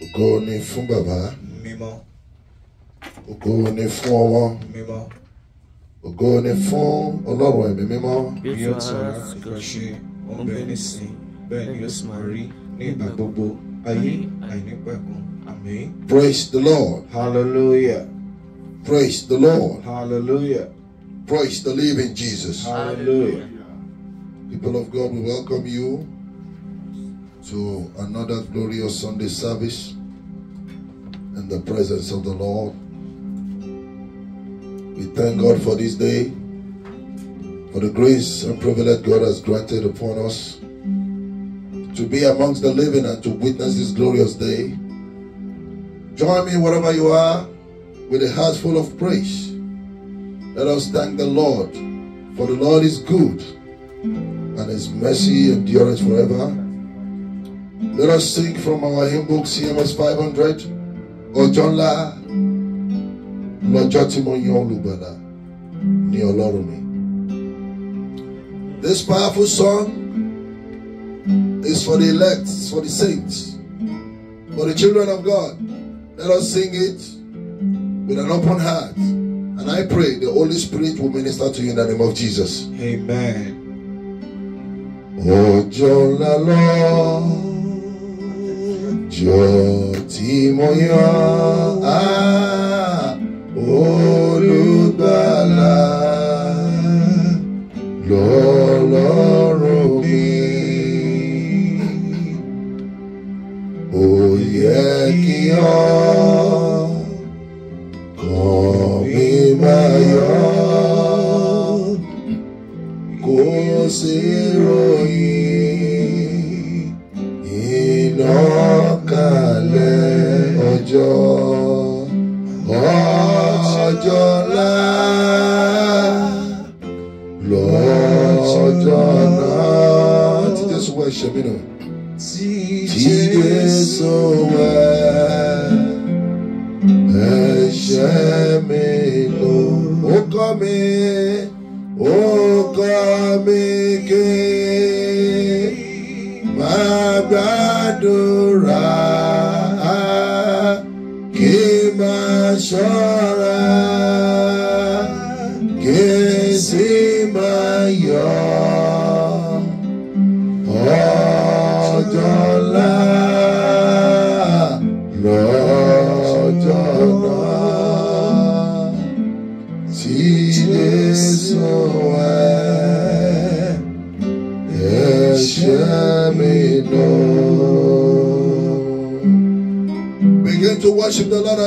ògo ni fún bàbá mímọ́ ògo ni fún ọmọ mímọ́ ògo ni fún ọlọ́run ẹ̀mí mímọ́. bí ó ti ara nǹkan ṣe ó ń bẹ nísìn bẹ́ẹ̀ ni ó sì ní ìgbà gbogbo ayé àìnípẹ̀kun àmín. praise the lord. hallelujah. praise the lord. hallelujah. praise the living jesus. hallelujah. people of god we welcome you to another glorious Sunday service in the presence of the Lord. We thank God for this day, for the grace and privilege God has granted upon us to be amongst the living and to witness this glorious day. Join me wherever you are with a heart full of praise. Let us thank the Lord, for the Lord is good and his mercy endureth forever. Let us sing from our hymn book, CMS 500. Ojola, lọ́jọ́ tí mo yan ní This powerful song is for the elect, it's for the saints, for the children of God. Let us sing it with an open heart. And I pray the Holy Spirit will minister to you in the name of Jesus. Amen. Ojola, Lord. Ọjọ́ tí a olubala á olùgbàlà lọ́lọ́run mi. Ó yẹ kí ọkàn mi máa yọ̀ kó sì ròyìn iná lálẹ́ ọjọ́ ọjọ́ ńlá lọ́jọ́ náà tí Jésù wá ẹ̀ṣẹ̀ mi nù. tí Jésù wá ẹ̀ṣẹ̀ mi nù. ó kọ́ mi ó kọ́ mi kí máa gbádùn.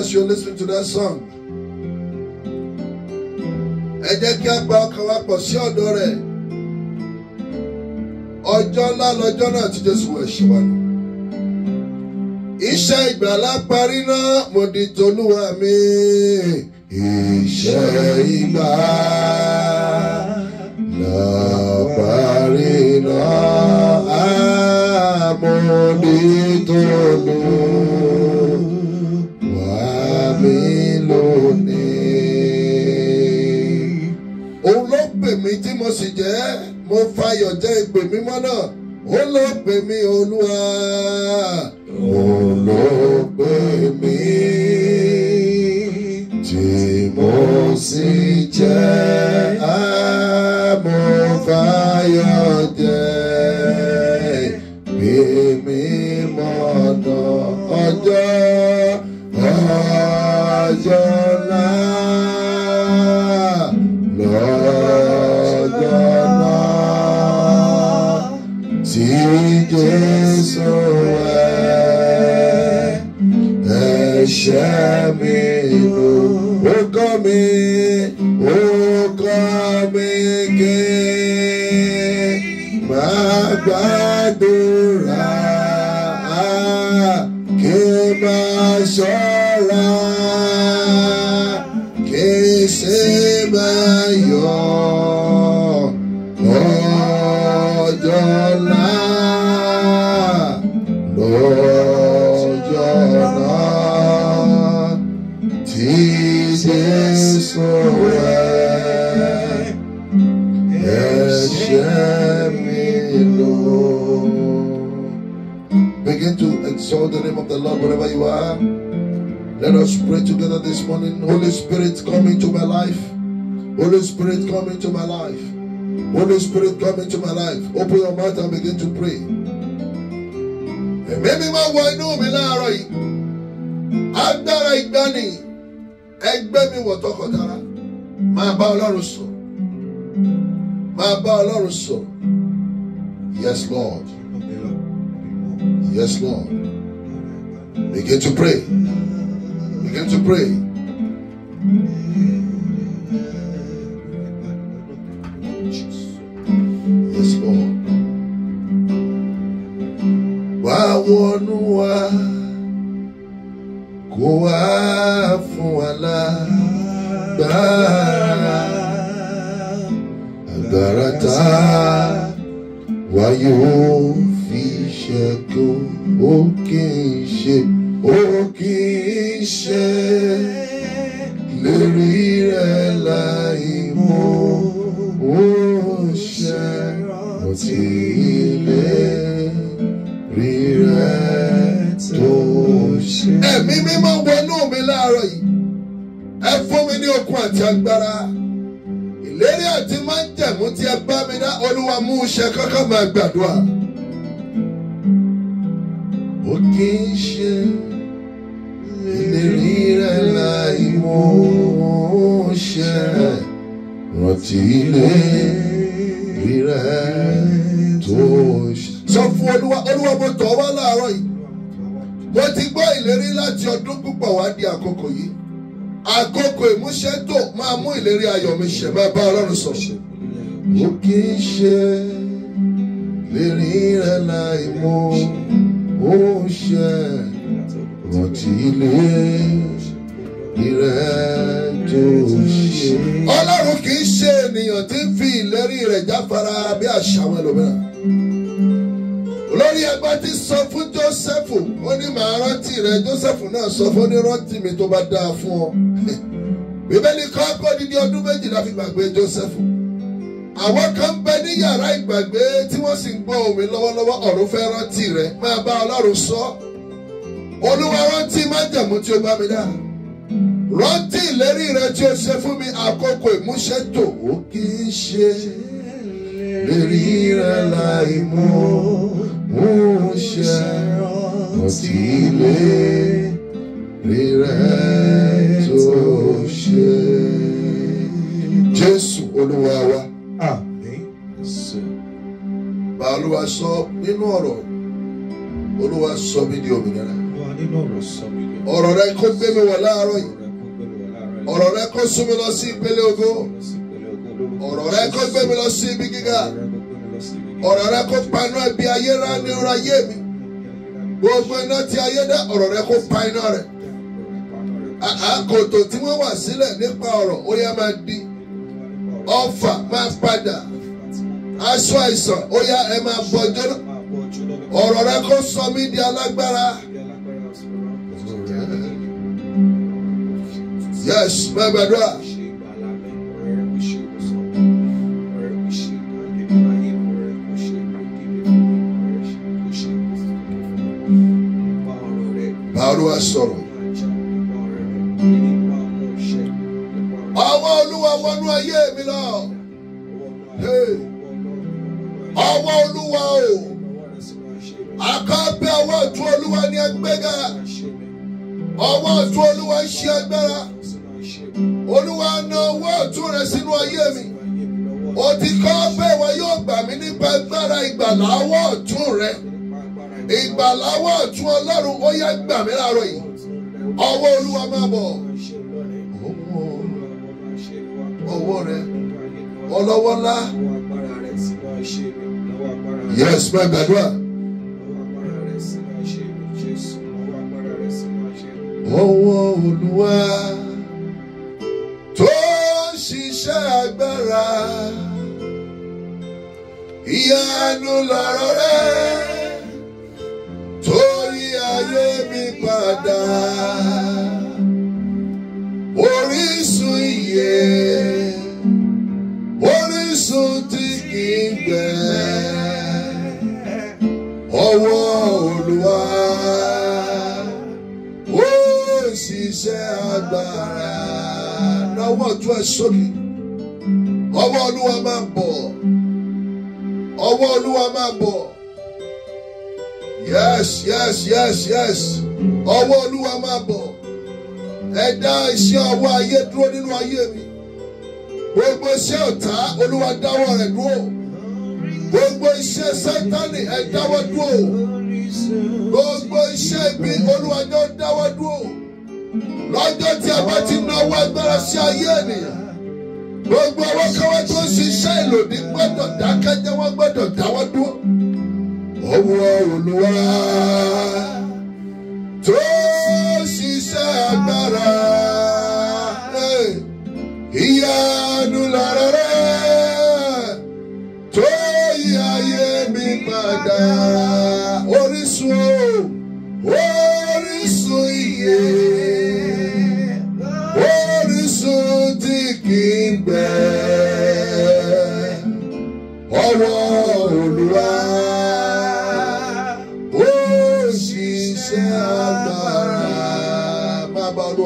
as you're listening to that song. Ẹ jẹ́ kí a gba ọkàn wa pọ̀ sí ọ̀dọ̀ rẹ̀. Ọjọ́ ńlá lọ́jọ́ náà tí Jésù wọ̀ ṣe wà nù. Iṣẹ́ ìgbàlá parí náà mo di tolúwa mi. Iṣẹ́ ìgbàlá parí náà mo di tolúwa mi. lónìí. òun ló pè mí tí mo sì jẹ́ mo fayọ̀ jẹ́ ìpè mímọ́ náà ó ló pè mí olúwa. òun ló pè mí tí mo sì jẹ́ àmọ́ fayọ̀. iṣẹ́ mi lò ó kọ́ mi ó kọ́ mi kí máa gbà. the Lord wherever you are. Let us pray together this morning. Holy Spirit, come into my life. Holy Spirit, come into my life. Holy Spirit, come into my life. Open your mouth and begin to pray. Yes, Lord. Yes, Lord. Begin to pray. Begin to pray. Yes, Lord. Wá wọnú wa kó wá fún wa lágbára agbára tá wá yóò. ṣẹ́gun ó kì í ṣe ó kì í ṣe lérí rẹ̀ láì mú ó ṣe rántí ilé rírẹ̀ tó ṣe. ẹ̀mí mímọ́ wọnú mi láàárọ̀ yìí ẹ fún mi ní okun àti agbára ìlérí àti májẹ̀mú tí ẹ bá mi dá olúwa mú un ṣe kọ́kọ́ máa gbàdúrà location. Ìlérí la ìmúṣẹ rẹ̀ rántí ilé rírẹ̀ tó ṣe. mo tọ̀ wá láàárọ̀ Mo ti gbọ́ ìlérí láti ọdún púpọ̀ wá di àkókò yìí. Àkókò ìmúṣẹ tó máa mú ìlérí ayọ̀ mi ṣẹ máa bá kì í ṣe lérí rẹ̀ láì mú ó ṣe rántí ilé ìrẹ́ tó ṣe. ọlọ́run kì í ṣe ènìyàn tí ń fi ìlérí rẹ̀ jáfara bí àṣà wọn lòmíràn. olórí ẹgbẹ́ ti sọ fún Jósẹ́fù ó ní màá rántí rẹ̀ Jósẹ́fù náà sọ fún ní mi tó bá dáa fún ọ. bíbélì kan kó dídí ọdún méjìlá fi gbàgbé Jósẹ́fù àwọn kan bẹ ní yàrá ìgbàgbé tí wọ́n sì ń gbọ́ òwe lọ́wọ́lọ́wọ́ ọ̀run fẹ́ rántí rẹ̀ máa bá ọlọ́run sọ olúwa rántí májẹ̀mú tí o bá mi dá rántí ìlérí rẹ tí o ṣe fún mi àkókò ìmúṣẹ tòwó kì í ṣe lérí rẹ láì mú mú rántí ìlérí rẹ tó ṣe Jésù olúwa wa àmín. Bàálùwà sọ nínú ọ̀rọ̀ Olúwa sọ mí di òmìnira. Ọ̀rọ̀ rẹ kó gbé mi wọ̀ láàárọ̀ yìí. Ọ̀rọ̀ rẹ kó sún mi lọ sí ìpele ògo. Ọ̀rọ̀ rẹ kó gbé mi lọ sí ibi gíga. Ọ̀rọ̀ rẹ kó paná ibi ayé rá ní ọ̀rọ̀ ayé mi. Gbogbo iná ti ayé dá ọ̀rọ̀ rẹ kó pa iná rẹ̀. Àkòtò tí wọ́n wà sílẹ̀ nípa ọ̀rọ̀ ó yẹ máa dín ọfà máa padà aṣọ àìsàn ó yá ẹ máa bọ̀ jóná rẹ kó sọ mí di alágbára. yes máa gbàdúrà. Báwo ló wá sọ̀rọ̀? wọnú ayé mi lọ. ọwọ́ olúwa o àkàbẹ̀ ọwọ́ ọ̀tún olúwa ni ẹgbẹ́gà ọwọ́ ọ̀tún olúwa ń ṣe agbára olúwa na ọwọ́ ọ̀tún rẹ̀ sínú ayé mi o ti kọ́ pé ìwọ yóò gbà mí nípa agbára ìgbàlà ọwọ́ ọ̀tún rẹ̀ ìgbàlà ọwọ́ ọ̀tún ọlọ́run ó yá gbà mí láàárọ̀ yìí ọwọ́ olúwa máa bọ̀ ọwọ́ rẹ ọlọ́wọ́ ńlá. yes máa gbàdúrà. ọwọ́ olúwa tó ń ṣiṣẹ́ agbára ìyanu lọ̀rọ̀ rẹ tó yí ayé mi padà orísun ìyè. Jésù tí kì í gbẹ ọwọ́ Olúwa ó ṣiṣẹ́ agbára lọ́wọ́ tó ẹ sókè ọwọ́ Olúwa máa bọ̀ ọwọ́ Olúwa máa bọ̀ yes yes yes yes ọwọ́ Olúwa máa bọ̀ ẹ dá iṣẹ́ ọwọ́ ayé dúró nínú ayé mi gbogbo iṣẹ́ ọ̀tá olúwa dáwọ́ rẹ̀ dúró gbogbo iṣẹ́ sátani ẹ dáwọ́ dúró gbogbo iṣẹ́ ibi olúwa jọ dáwọ́ dúró lọ́jọ́ tí a bá ti náwó agbára sí ayé ènìyàn gbogbo ọwọ́ káwọ́ tó ń ṣiṣẹ́ ìlòdì gbọ́dọ̀ dákẹ́jẹ́ wọ́n gbọ́dọ̀ dáwọ́ dúró owó olúwa tó ṣiṣẹ́ agbára ìyá.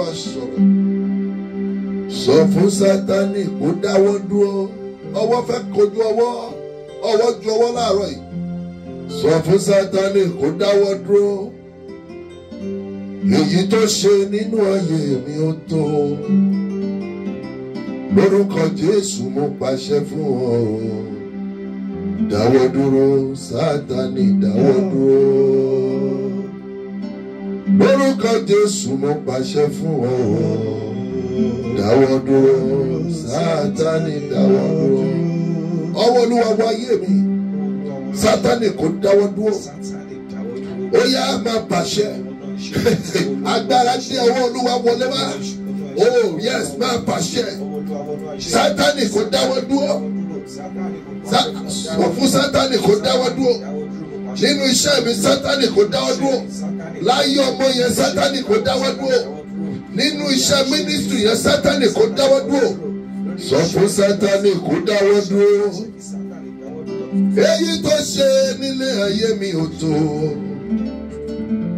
máa sọ̀rọ̀ sọ fún sátani kó dáwọ́ dúró ọwọ́ fẹ́ kojú ọwọ́ ọwọ́ ju ọwọ́ láàárọ̀ yìí sọ fún sátani kó dáwọ́ dúró èyí tó ṣe nínú ayé mi ó tó lórúkọ Jésù mo pàṣẹ fún ọ dáwọ́ dúró sátani dáwọ́ dúró lórúkọ Jésù mo pàṣẹ fún ọ dáwọ́ dúró Sátánì dáwọ́ dúró ọwọ́ Olúwa wá ayé mi Sátánì kò dáwọ́ dúró ó yá máa pàṣẹ agbára tí ọwọ́ Olúwa wọlé wá oh yes máa pàṣẹ Sátánì kò dáwọ́ dúró fún Sátánì kò dáwọ́ dúró nínú iṣẹ́ mi sátani kò dáwọ́ dúró láyé ọmọ yẹn sátani kò dáwọ́ dúró nínú iṣẹ́ mínísítì yẹn sátani kò dáwọ́ dúró sọ fún sátani kò dáwọ́ dúró èyí tó ṣe nílé ayé mi ò tó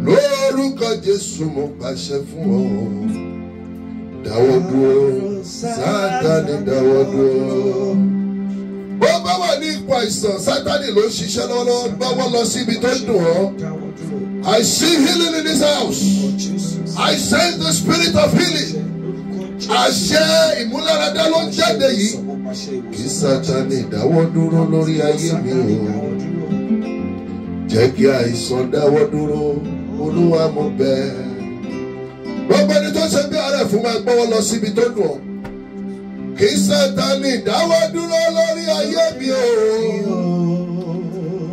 lórúkọ Jésù mo pàṣẹ fún ọ dáwọ́ dúró sátani dáwọ́ dúró bá ní ipò àìsàn sátani ló ń ṣiṣẹ́ lọ́wọ́ gbọ́wọ́ lọ sí ibi tó ń dùn ọ́. I see healing in this house. I sense the spirit of healing. Àṣẹ ìmúláradá ló ń jáde yìí. Kí sátani dáwọ́ dúró lórí ayé mi o. Jẹ́ kí àìsàn dáwọ́ dúró, olúwa mo bẹ̀. Gbogbo ẹni tó ṣe bí ara ẹ̀ fún máa gbọ́wọ́ lọ síbi tó dùn ọ́ kí sátani dáwọ́ dúró lórí ayé mi o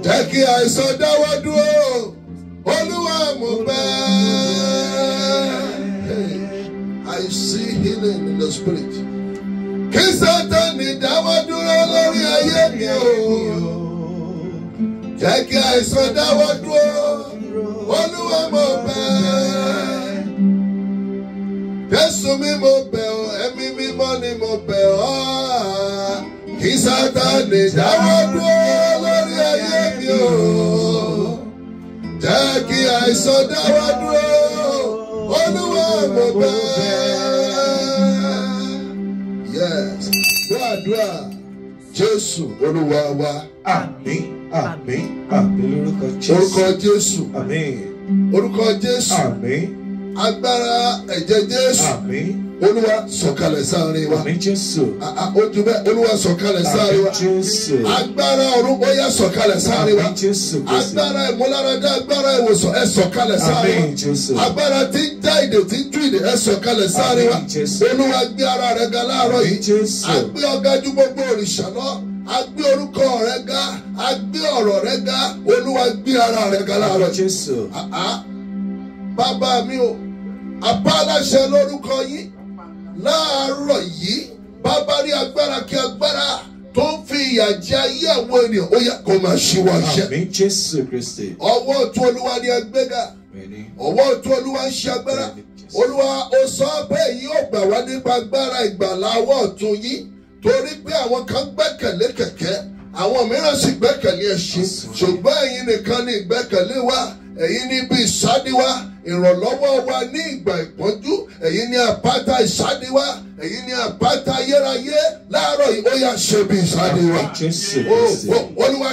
jẹ́ kí àìsàn dáwọ́ dúró olúwa mo bẹ̀. I see healing in the spirit. kí sátani dáwọ́ dúró lórí ayé mi o jẹ́ kí àìsàn dáwọ́ dúró olúwa mo bẹ̀. Jésù mi mo bẹ̀ ọ́, ẹ̀mí mímọ́ ni mo bẹ̀ ọ́. Kí Sátánì dáwọ́ dúró lórí ayé mi o. Jẹ́ kí àìsàn dáwọ́ dúró, Olúwa mo bẹ̀. Yes, gbàdúrà Jésù Olúwa wa. Àmín, àmín, àmín lórúkọ Jésù. Orúkọ Jésù. Àmín. Orúkọ Jésù. Àmín agbára ẹ̀jẹ̀ jésù. àmín olúwa sọ̀kalẹ̀ sáárín wa. àmín jésù. ojú bẹ́ẹ̀ olúwa sọ̀kalẹ̀ sáárín wa. àmín jésù. agbára ọ̀run ó yá sọ̀kalẹ̀ sáárín wa. àmín jésù. agbára ìmúláradá agbára ìwòsàn ẹ sọ̀kalẹ̀ sáárín wa. àmín jésù. agbára tí ń já ìdè tí ń tú ìdè ẹ sọ̀kalẹ̀ sáárín wa. àmín jésù. olúwa gbé ara rẹ ga láàárọ̀ yìí. àmín jésù. ju gbogbo òrìṣà lọ a orúkọ rẹ ga a ọ̀rọ̀ rẹ ga olúwa gbé ara rẹ ga láàárọ̀. bàbá mi o apá aláṣẹ lórúkọ yín láàárọ̀ yìí bàbá rí agbára kí agbára tó ń fi ìyà jẹ ayé àwọn ènìyàn ó yẹ kó máa ṣíwọ́ iṣẹ́. àmín jésù kristi. ọwọ́ tó olúwa ni ẹgbẹ́gà ọwọ́ tó olúwa ń ṣe agbára olúwa ó sọ bẹ́ẹ̀ yìí ó gbà wá nípa agbára ìgbàlá ọwọ́ ọ̀tún yín torí pé àwọn kan gbẹ́kẹ̀lé kẹ̀kẹ́ àwọn mìíràn sì gbẹ́kẹ̀lé ẹṣin ṣùgbọ́n ẹ̀yin nìkan ni ìgbẹ́kẹ̀lé wa ẹ̀yin níbi ìsádi wa ìrànlọ́wọ́ wa ní ìgbà ìpọ́njú ẹ̀yin ni àpáta ìsádi èyí ni àbáta ayérayé láàárọ̀ yìí ó yà ṣe bí olúwa ṣe bí olúwa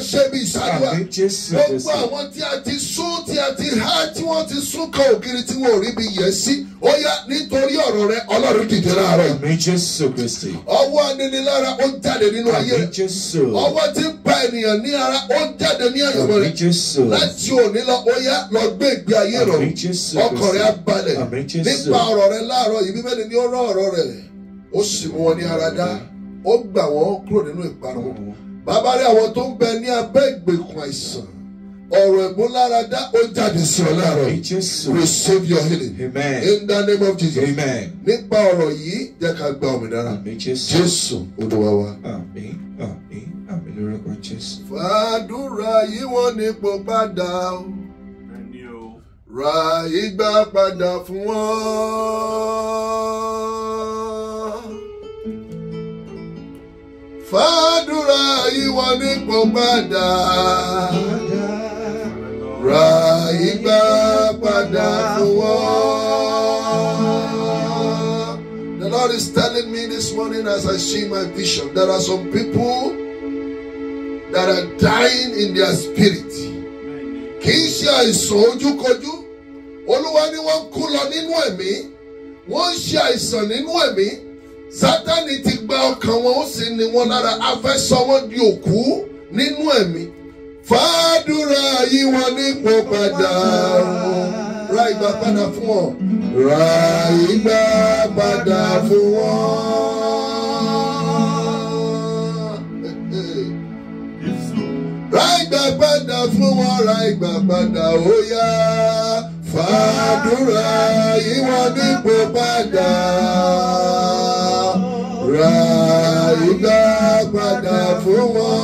ṣe bí gbogbo àwọn tí a ti sún tí a ti há tí wọ́n ti sún kan ògiri tí wọ́n ò rí bí yẹ sí ó yá nítorí ọ̀rọ̀ rẹ ọlọ́run dìde láàárọ̀ yìí. ọwọ́ aninilára ó jáde nínú ayé ọwọ́ tí ń pa ènìyàn ní ara ó jáde ní àyànmọ́ rẹ̀ láti òní lọ ó yá lọ gbé ìgbé ayé rọ̀ ọkàn rẹ̀ á balẹ̀ nípa ọ̀rọ̀ rẹ láàárọ̀ yìí bíbélì ni ó rán ọ̀rọ̀ rẹ̀ ó sì mú wọn ní ara dá ó gbà wọ́n kúrò nínú ìparun bàbá rí àwọn tó ń bẹ ní abẹ́ ìgbèkùn àìsàn ọ̀rọ̀ ìmúláradá ó jáde sí ọ láàárọ̀ receive your healing Amen. in the name of Jesus Amen. nípa ọ̀rọ̀ yìí jẹ́ ká gba òmìnira Jésù Olúwa wa. Àmín àmín àmín lórúkọ Jésù. fàdúrà yìí wọ́n ní pò padà o. ra ìgbà padà fún wọn. fàdúrà ìwọ nípò padà ra ìgbà padà fún wọn. The Lord is telling me this morning as I see my vision, there are some people that are dying in their spirit. kì í ṣe àìsàn ojúkojú olúwa ni wọ́n kú lọ nínú ẹ̀mí wọ́n ń ṣe àìsàn nínú ẹ̀mí sátani ti gba ọkàn wọn ó sì ní wọn lára a di òkú nínú ẹ̀mí fàdúrà yí wọn nípò padà ra ìgbà padà fún wọn ra ìgbà padà fún wọn. ìgbà padà fún wọn ra ìgbà padà ó yá fàdúrà ìwọ nípò padà ra ìgbà padà fún wọn.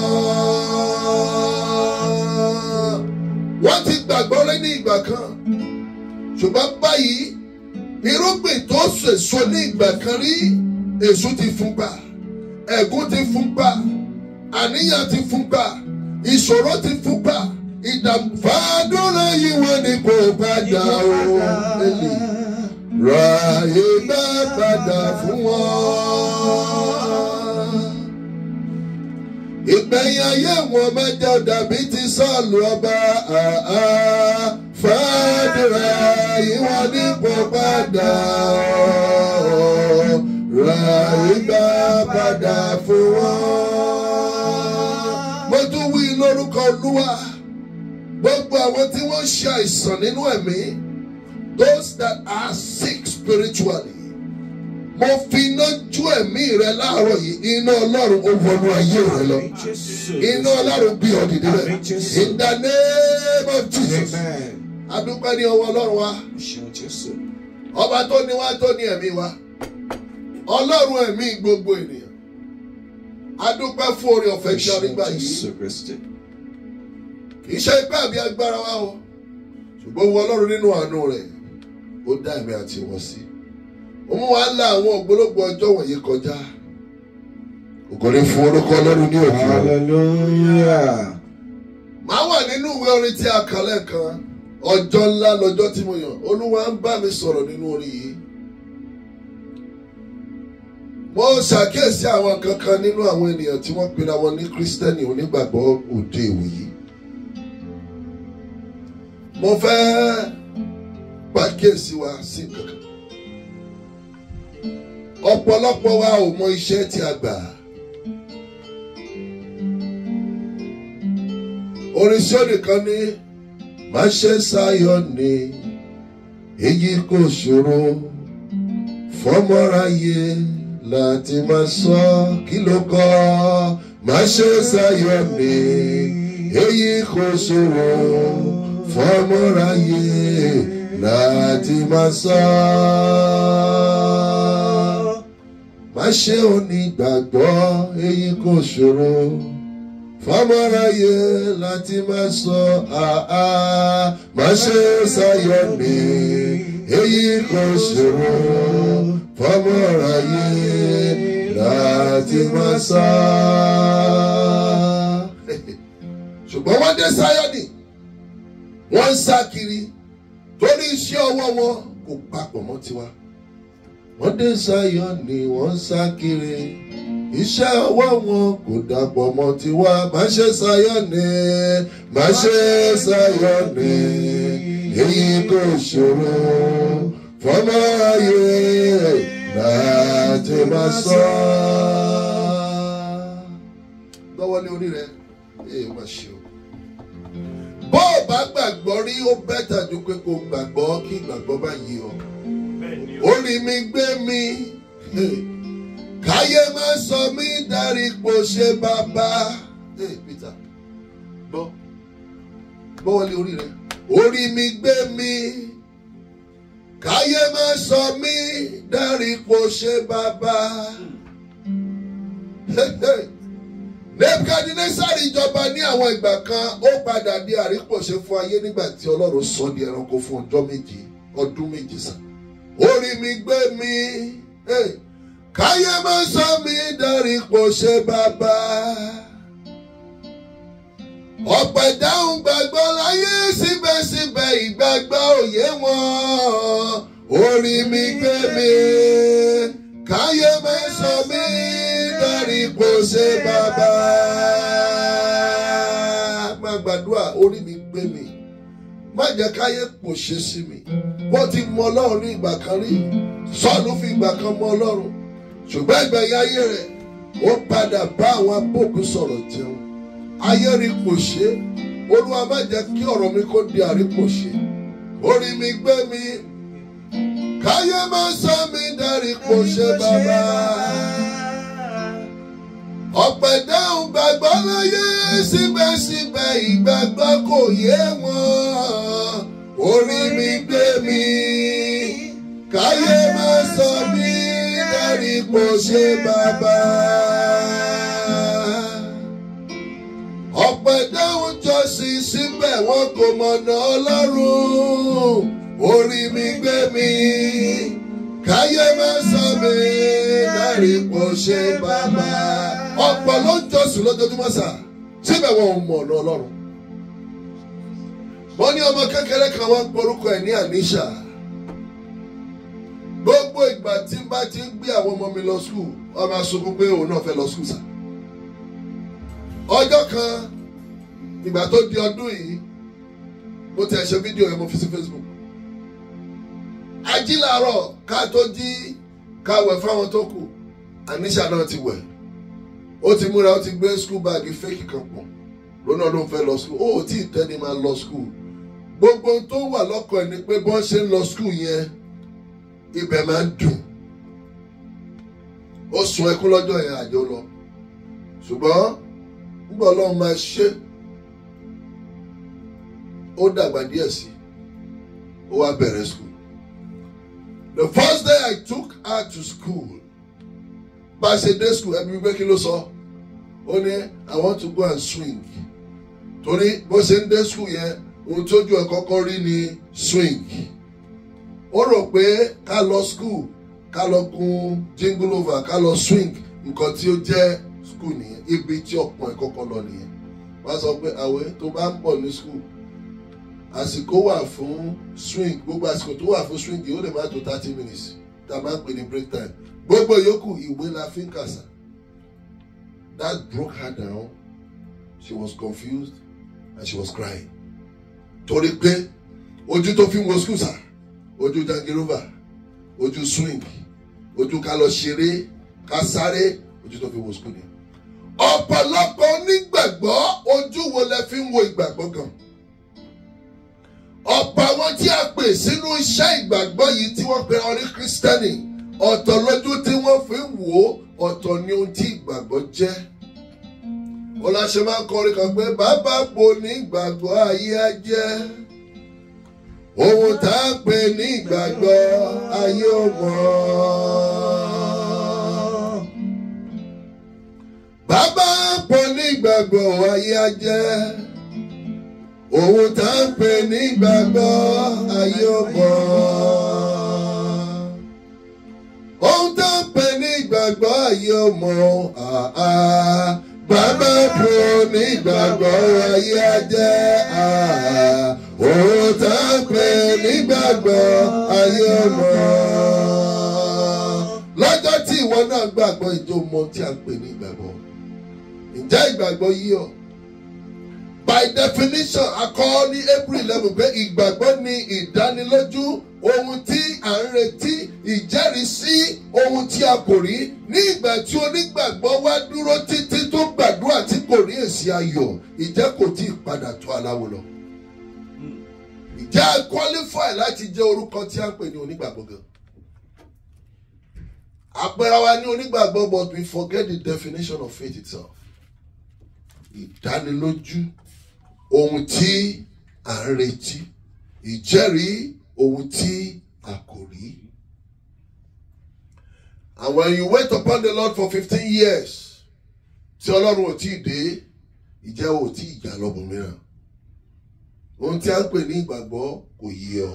wọ́n ti gbàgbọ́ rẹ ní ìgbà kan ṣùgbọ́n báyìí irúgbìn tó sèso ní ìgbà kan rí èso ti fún gbà ẹ̀gún ti fún gbà àníyàn ti fún gbà ìṣòro ti fún gbà ìdàgbàdúrà yìí wọ́n ní kò padà ó èlé ra ìgbà padà fún wọn. ìgbẹ̀yìn ayé wọn mẹ́jọ dàbí ti sọ́ọ̀lù ọba fàdúrà yìí wọ́n ní kò padà ó ra ìgbà padà fún wọn olúwa gbogbo àwọn tí wọ́n ṣe àìsàn nínú ẹ̀mí those that are sick spiritually mo fi iná jú ẹ̀mí rẹ láàárọ̀ yìí iná ọlọ́run ó wọnú ayé rẹ lọ iná ọlọ́run bí ọ̀dìdì rẹ in the name of Jesus adúpẹ́ ní ọwọ́ ọlọ́run wa ọba tó ní wá tó ní ẹ̀mí wa ọlọ́run ẹ̀mí gbogbo ènìyàn adúpẹ́ fún oore ọ̀fẹ́ ṣe àrígbá yìí kì í ṣe ipá àbí agbára wa o ṣùgbọ́n wọn ọlọ́run nínú àánú rẹ̀ ó dá èmi àti wọn sí ó mú wa la àwọn ògbólógbò ọjọ́ wọ̀nyí kọjá kò ní fún orúkọ ọlọ́run ní òkú. máa wà nínú ìwé orin tí a kà lẹ́ẹ̀kan ọjọ́ ńlá lọ́jọ́ tí mo yàn olúwa ń bá mi sọ̀rọ̀ nínú orin yìí. mo ṣàkíyèsí àwọn kankan nínú àwọn ènìyàn tí wọ́n pera wọn ní kírísítẹ́nì onígbàgbọ́ òde ìwòyí mo fẹ́ pàkíyèsí wa sí kankan ọ̀pọ̀lọpọ̀ wa ò mọ iṣẹ́ tí a gbà orin sí onìkan ní má ṣe ṣayọ̀ ni èyí kò ṣòro fọmọráyé láti má sọ kí ló kọ má ṣe ṣayọ̀ ni èyí kò ṣòro fọmúráyé láti máa sọ. má ṣe onígbàgbọ́ èyí kò ṣòro fọmọráyé láti máa sọ àá má ṣe sáyọ ní èyí kò ṣòro fọmọráyé láti máa sọ. ṣùgbọ́n wọ́n dé sáyọ́ nìí wọ́n ń sá kiri torí iṣẹ́ ọwọ́ wọn kò papọ̀ mọ́ tiwa. wọ́n dé Sáyọ̀ ni wọ́n ń sá kiri iṣẹ́ ọwọ́ wọn kò dàpọ̀ mọ́ tiwa má ṣe Sáyọ̀ ni má ṣe Sáyọ̀ ni èyí kò ṣòro fọmọ ayé láti máa sọ. gbọ́wọ́ lé orí rẹ̀ ẹ̀ máa ṣe bó o bá gbàgbọ́ rí ó bẹ́tà ju pé kó gbàgbọ́ kí ìgbàgbọ́ bá yí ọ. orí mi gbé mi káyé má sọ mí dárípò ṣe bàbá. Peter gbọ́ gbọ́ wọlé orí rẹ. orí mi gbé mi káyé má sọ mí dárípò ṣe bàbá nebukadnezari ìjọba ní àwọn ìgbà kan ó padà di àrípọ̀ṣe fún ayé nígbà tí ọlọ́run sọ di ẹranko fún ọjọ́ méje ọdún méje sàn orí mi gbé mi káyé máa sọ mi dárí pọ̀ṣe bàbá ọ̀pẹ̀ dáhùn gbàgbọ́ láyé síbẹ̀síbẹ̀ ìgbàgbọ́ òye wọn orí mi gbé mi káyé máa sọ mi mo ṣe bàbá máa gbàdúrà orí mi gbé mi má jẹ́ káyé kò ṣe sí mi wọ́n ti mọ ọlọ́run ní ìgbà kan rí sọ́ọ̀lù fi ìgbà kan mọ ọlọ́run ṣùgbọ́n ìgbẹ̀yìn ayé rẹ̀ ó padà bá àwọn abókùn sọ̀rọ̀ jẹun ayé rí kò ṣe olúwa má jẹ́ kí ọ̀rọ̀ mi kó di àríkòṣe orí mi gbé mi káyé má sọ mi dárí kò ṣe bàbá ọ̀pẹ̀ dáhùn gbàgbọ́ láyé síbẹ̀síbẹ̀ ìgbàgbọ́ kò yé wọn orí mi gbé mi káyé má sọ mí lórí kò ṣe bàbá. ọ̀pẹ̀ dáhùn jọ́sìn síbẹ̀ wọn kò mọ̀nà ọlọ́run orí mi gbé mi káyé má sọ mí lórí kò ṣe bàbá ọ̀pọ̀ ló ń jọ́sìn lójoojúmọ́ sà síbẹ̀ wọn ò mọ̀ ọ̀nà ọlọ́run. wọ́n ní ọmọ kékeré kan wọ́n ń porúkọ ẹ̀ ní àníṣà. gbogbo ìgbà tí n bá ti ń gbé àwọn ọmọ mi lọ skul ọmọ asokun pé òun náà fẹ́ lọ skul sà. ọjọ́ kan ìgbà tó di ọdún yìí mo ti ṣe fídíò ẹ̀ mo fi sí Facebook. ajílàárọ̀ ká tó jí ká wẹ̀ fáwọn tó kù àníṣà náà ti wẹ̀ ó ti múra ó ti gbé skul báàgì fake kan pọ̀ lónà ló ń fẹ́ lọ skul ó tí ì tẹ́ni máa lọ skul gbogbo tó wà lọ́kàn ẹ̀ ni pé bọ́n ṣe ń lọ skul yẹn ibẹ̀ máa ń dùn ó sun ẹkún lọ́jọ́ yẹn àjọ lọ ṣùgbọ́n nígbà ọlọ́run máa ṣe ó dàgbà díẹ̀ sí ó wá bẹ̀rẹ̀ skul the first day I took her to school bá a ṣe dé skul ẹbí wípé kí ló sọ. So? ó ní i want to go and swing torí bó ṣe ń dé school yẹn ohun tójú ẹ kọ́kọ́ rí ni swing ó rò pé ká lọ school ká lọ gun jingle over ká lọ swing nǹkan tí ó jẹ́ school nìyẹn ibi tí ọ̀pọ̀ ẹ̀ kọ́kọ́ lọ nìyẹn wọ́n sọ pé àwẹ̀ tó bá ń bọ̀ ní school àsìkò wà fún swing gbogbo àsìkò tó wà fún swing yìí ó lè má tó thirty minutes tá a máa ń pè ní break time gbogbo yòókù ìwé la fi ń kà sáà that broke her down she was confused and she was crying torí pé ojú tó fi ń wọ skúsà ojú jangirova ojú swing ojú ká lọ ṣeré ká sáré ojú tó fi wọ skú ni ọ̀pọ̀lọpọ̀ onígbàgbọ́ ojú wo lẹ fi ń wo ìgbàgbọ́ kan ọ̀pọ̀ àwọn tí a pè sínú iṣẹ́ ìgbàgbọ́ yìí tí wọ́n pe orí kírísítẹ́nì ọ̀tọ̀ lójú tí wọ́n fi ń wò ó ọ̀tọ̀ ni ohun tí ìgbàgbọ́ jẹ́ ọláṣẹ́má kọrin kan pé bàbá po ní ìgbàgbọ́ ayé á jẹ́ ohun tá a pè ní ìgbàgbọ́ ayé ò bàbá po ní ìgbàgbọ́ ayé á jẹ́ ohun tá a pè ní ìgbàgbọ́ ayé ò ayé ọmọ bàbá bò nígbàgbọ́ ayé ajẹ́ òòtà pé nígbàgbọ́ ayé ọmọ. lọ́jọ́ tí ìwọ náà gbàgbọ́ ìjọ mọ tí a ń pè ní ìgbàgbọ́ ǹjẹ́ ìgbàgbọ́ yí ọ. by definition a kọ́ ní April eleven pé ìgbàgbọ́ ni ìdánilójú ohun tí à ń retí ìjẹ́rìísí ohun tí a kò rí ní ìgbà tí onígbàgbọ́ wá dúró títí tó gbàdúrà tí kò rí èsì ayọ̀ ìjẹ́ kò tí ì padà tó aláwo lọ. ìjẹ́ qualify láti jẹ́ orúkọ tí a ń pè ní onígbàgbọ́ gan. àpẹẹrẹ wa ní onígbàgbọ́ but we forget the definition of faith itself. ìdánilójú ohun tí à ń retí ìjẹ́rìí ohun tí a kò rí. And when you wait upon the Lord for fifteen years tí Ọlọ́run ò tí ì dé ìjẹ́ ò tí ì gbà lọ́gùn mìíràn. Ohun tí a ń pè ní ìgbàgbọ́ kò yí ọ.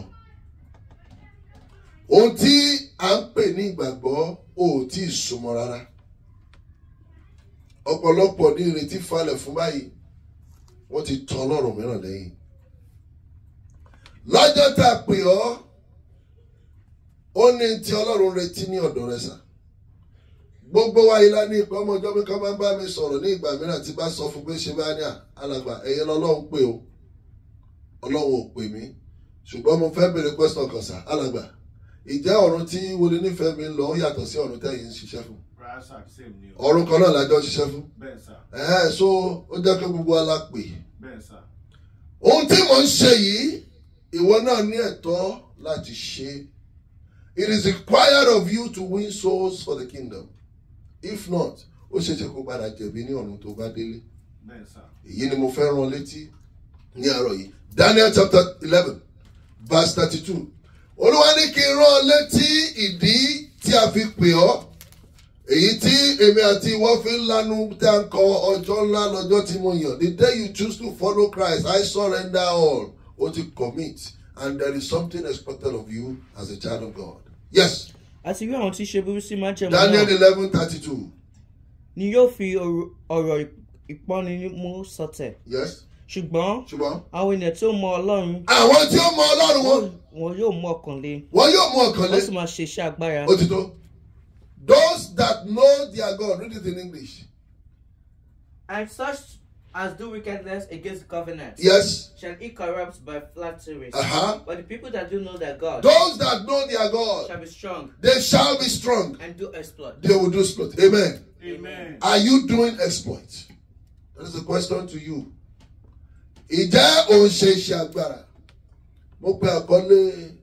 Ohun tí a ń pè ní ìgbàgbọ́ ò tí ì súnmọ́ rárá. Ọ̀pọ̀lọpọ̀ ní ìrètí falẹ̀ fún báyìí wọ́n ti tọ̀ Ọlọ́run mìíràn lẹ́yìn. lọ́jọ́ tá a pè ọ́ ó ní ti ọlọ́run retí ní ọ̀dọ̀ rẹ sà gbogbo wa ilá ní ọmọ ọjọ́ mi kan máa ń bá mi sọ̀rọ̀ ní ìgbà mìíràn tí bá sọ fún pé ṣe bá ní alàgbà o ọlọ́run ò pè mí ṣùgbọ́n mo fẹ́ kan sà ìjẹ́ ọ̀run tí wọlé nífẹ̀ẹ́ mi ń lọ ó yàtọ̀ sí ọ̀run ń ṣiṣẹ́ fún ọ̀run kan náà la ohun ìwọ náà ní ẹ̀tọ́ láti ṣe. It is required of you to win souls for the kingdom. If not, ó ṣe ṣe kó padà jẹ̀bi ní ọ̀run tó bá délé. Èyí ni mo fẹ́ rán létí ní àárọ̀ yìí. Daniel chapter eleven verse thirty-two. Olúwa ní kí n rán létí ìdí tí a fi pè ọ́. Èyí tí èmi àti ìwọ fi ń lanu tí a ń kọ ọjọ́ ńlá lọ́jọ́ tí mo yàn. The day you choose to follow Christ, I surrender all o ti commit and there is something expected of you as a child of God. yes. àti bí àwọn tí ṣe burú sí máa jẹ́ mọ́ Daniel eleven thirty two. ni yóò fi ọ̀rọ̀ ìpọ́nni mú sọtẹ̀. yes ṣùgbọ́n àwọn ènìyàn tí ó mọ ọlọ́run. àwọn tí ó mọ ọlọ́run wọn. wọn yóò mú ọkàn le. wọn yóò mú ọkàn le. wọ́n sì máa ṣe iṣẹ́ agbára. ó ti tó those that know their God read it in English. I searched. As do wickedness against covenant. Yes. Shall he corrupt by flattery. Uh-huh. But the people that do know their God. Those that know their God. Shall be strong. They shall be strong. And do exploit. They will do exploit. Amen. Amen. Are you doing exploit? That is the question to you. Ǹjẹ́ òun ṣe ṣe agbára? Mo pe àkọlé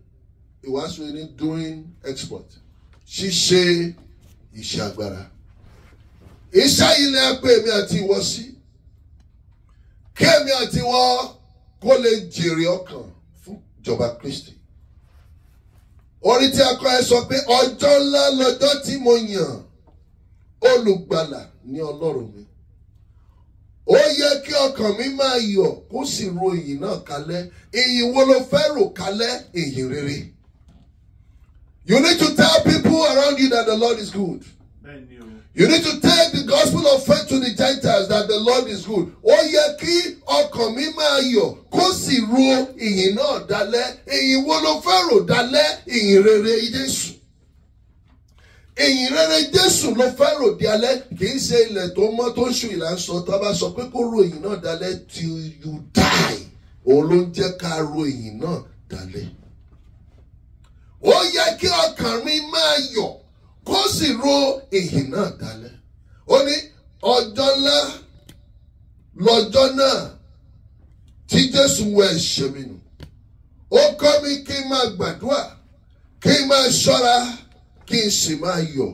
ìwàásù yìí ní doing exploit. Ṣíṣe iṣẹ́ agbára. Iṣẹ́ yìí ni pè mí àti ìwọ sí. kémi àti wọn kó lè jèrè ọkàn fún ìjọba Kristi orí tí a kọ ẹ sọ pé ọjọ́ ńlá lọ́jọ́ tí mo yàn olùgbàlà ní Ọlọ́run mi ó yẹ kí ọkàn mi máa yọ̀ kó sì ro èyí náà kalẹ̀ èyí wo ló fẹ́ rò kalẹ̀ èyí rere. You need to tell people around you that the Lord is good. You need to take the gospel of faith to the Gentiles that the Lord is good. Ó ki kí ọkàn mi máa yọ̀ kó sì ro ìyìn náà dalẹ̀. Ìyìn wo ló fẹ́ rò dalẹ̀? Ìyìn rere Jésù. Ìyìn rere Jésù ló fẹ́ rò di alẹ́. Kì í ṣe ilẹ̀ tó mọ́ sọ tó bá sọ pé kó ro ìyìn náà dalẹ̀ till you die. olo ló ń jẹ́ ká ro ìyìn náà dalẹ̀. Ó yẹ mi máa yọ̀. kó sì ro ìhìn náà dalẹ̀ ó ní ọjọ́ ńlá lọ́jọ́ náà tí Jésù wọ ẹ̀ṣẹ̀ mi nù ó kọ́ mi kí n máa gbàdúrà kí n máa ṣọ́ra kí n sì máa yọ̀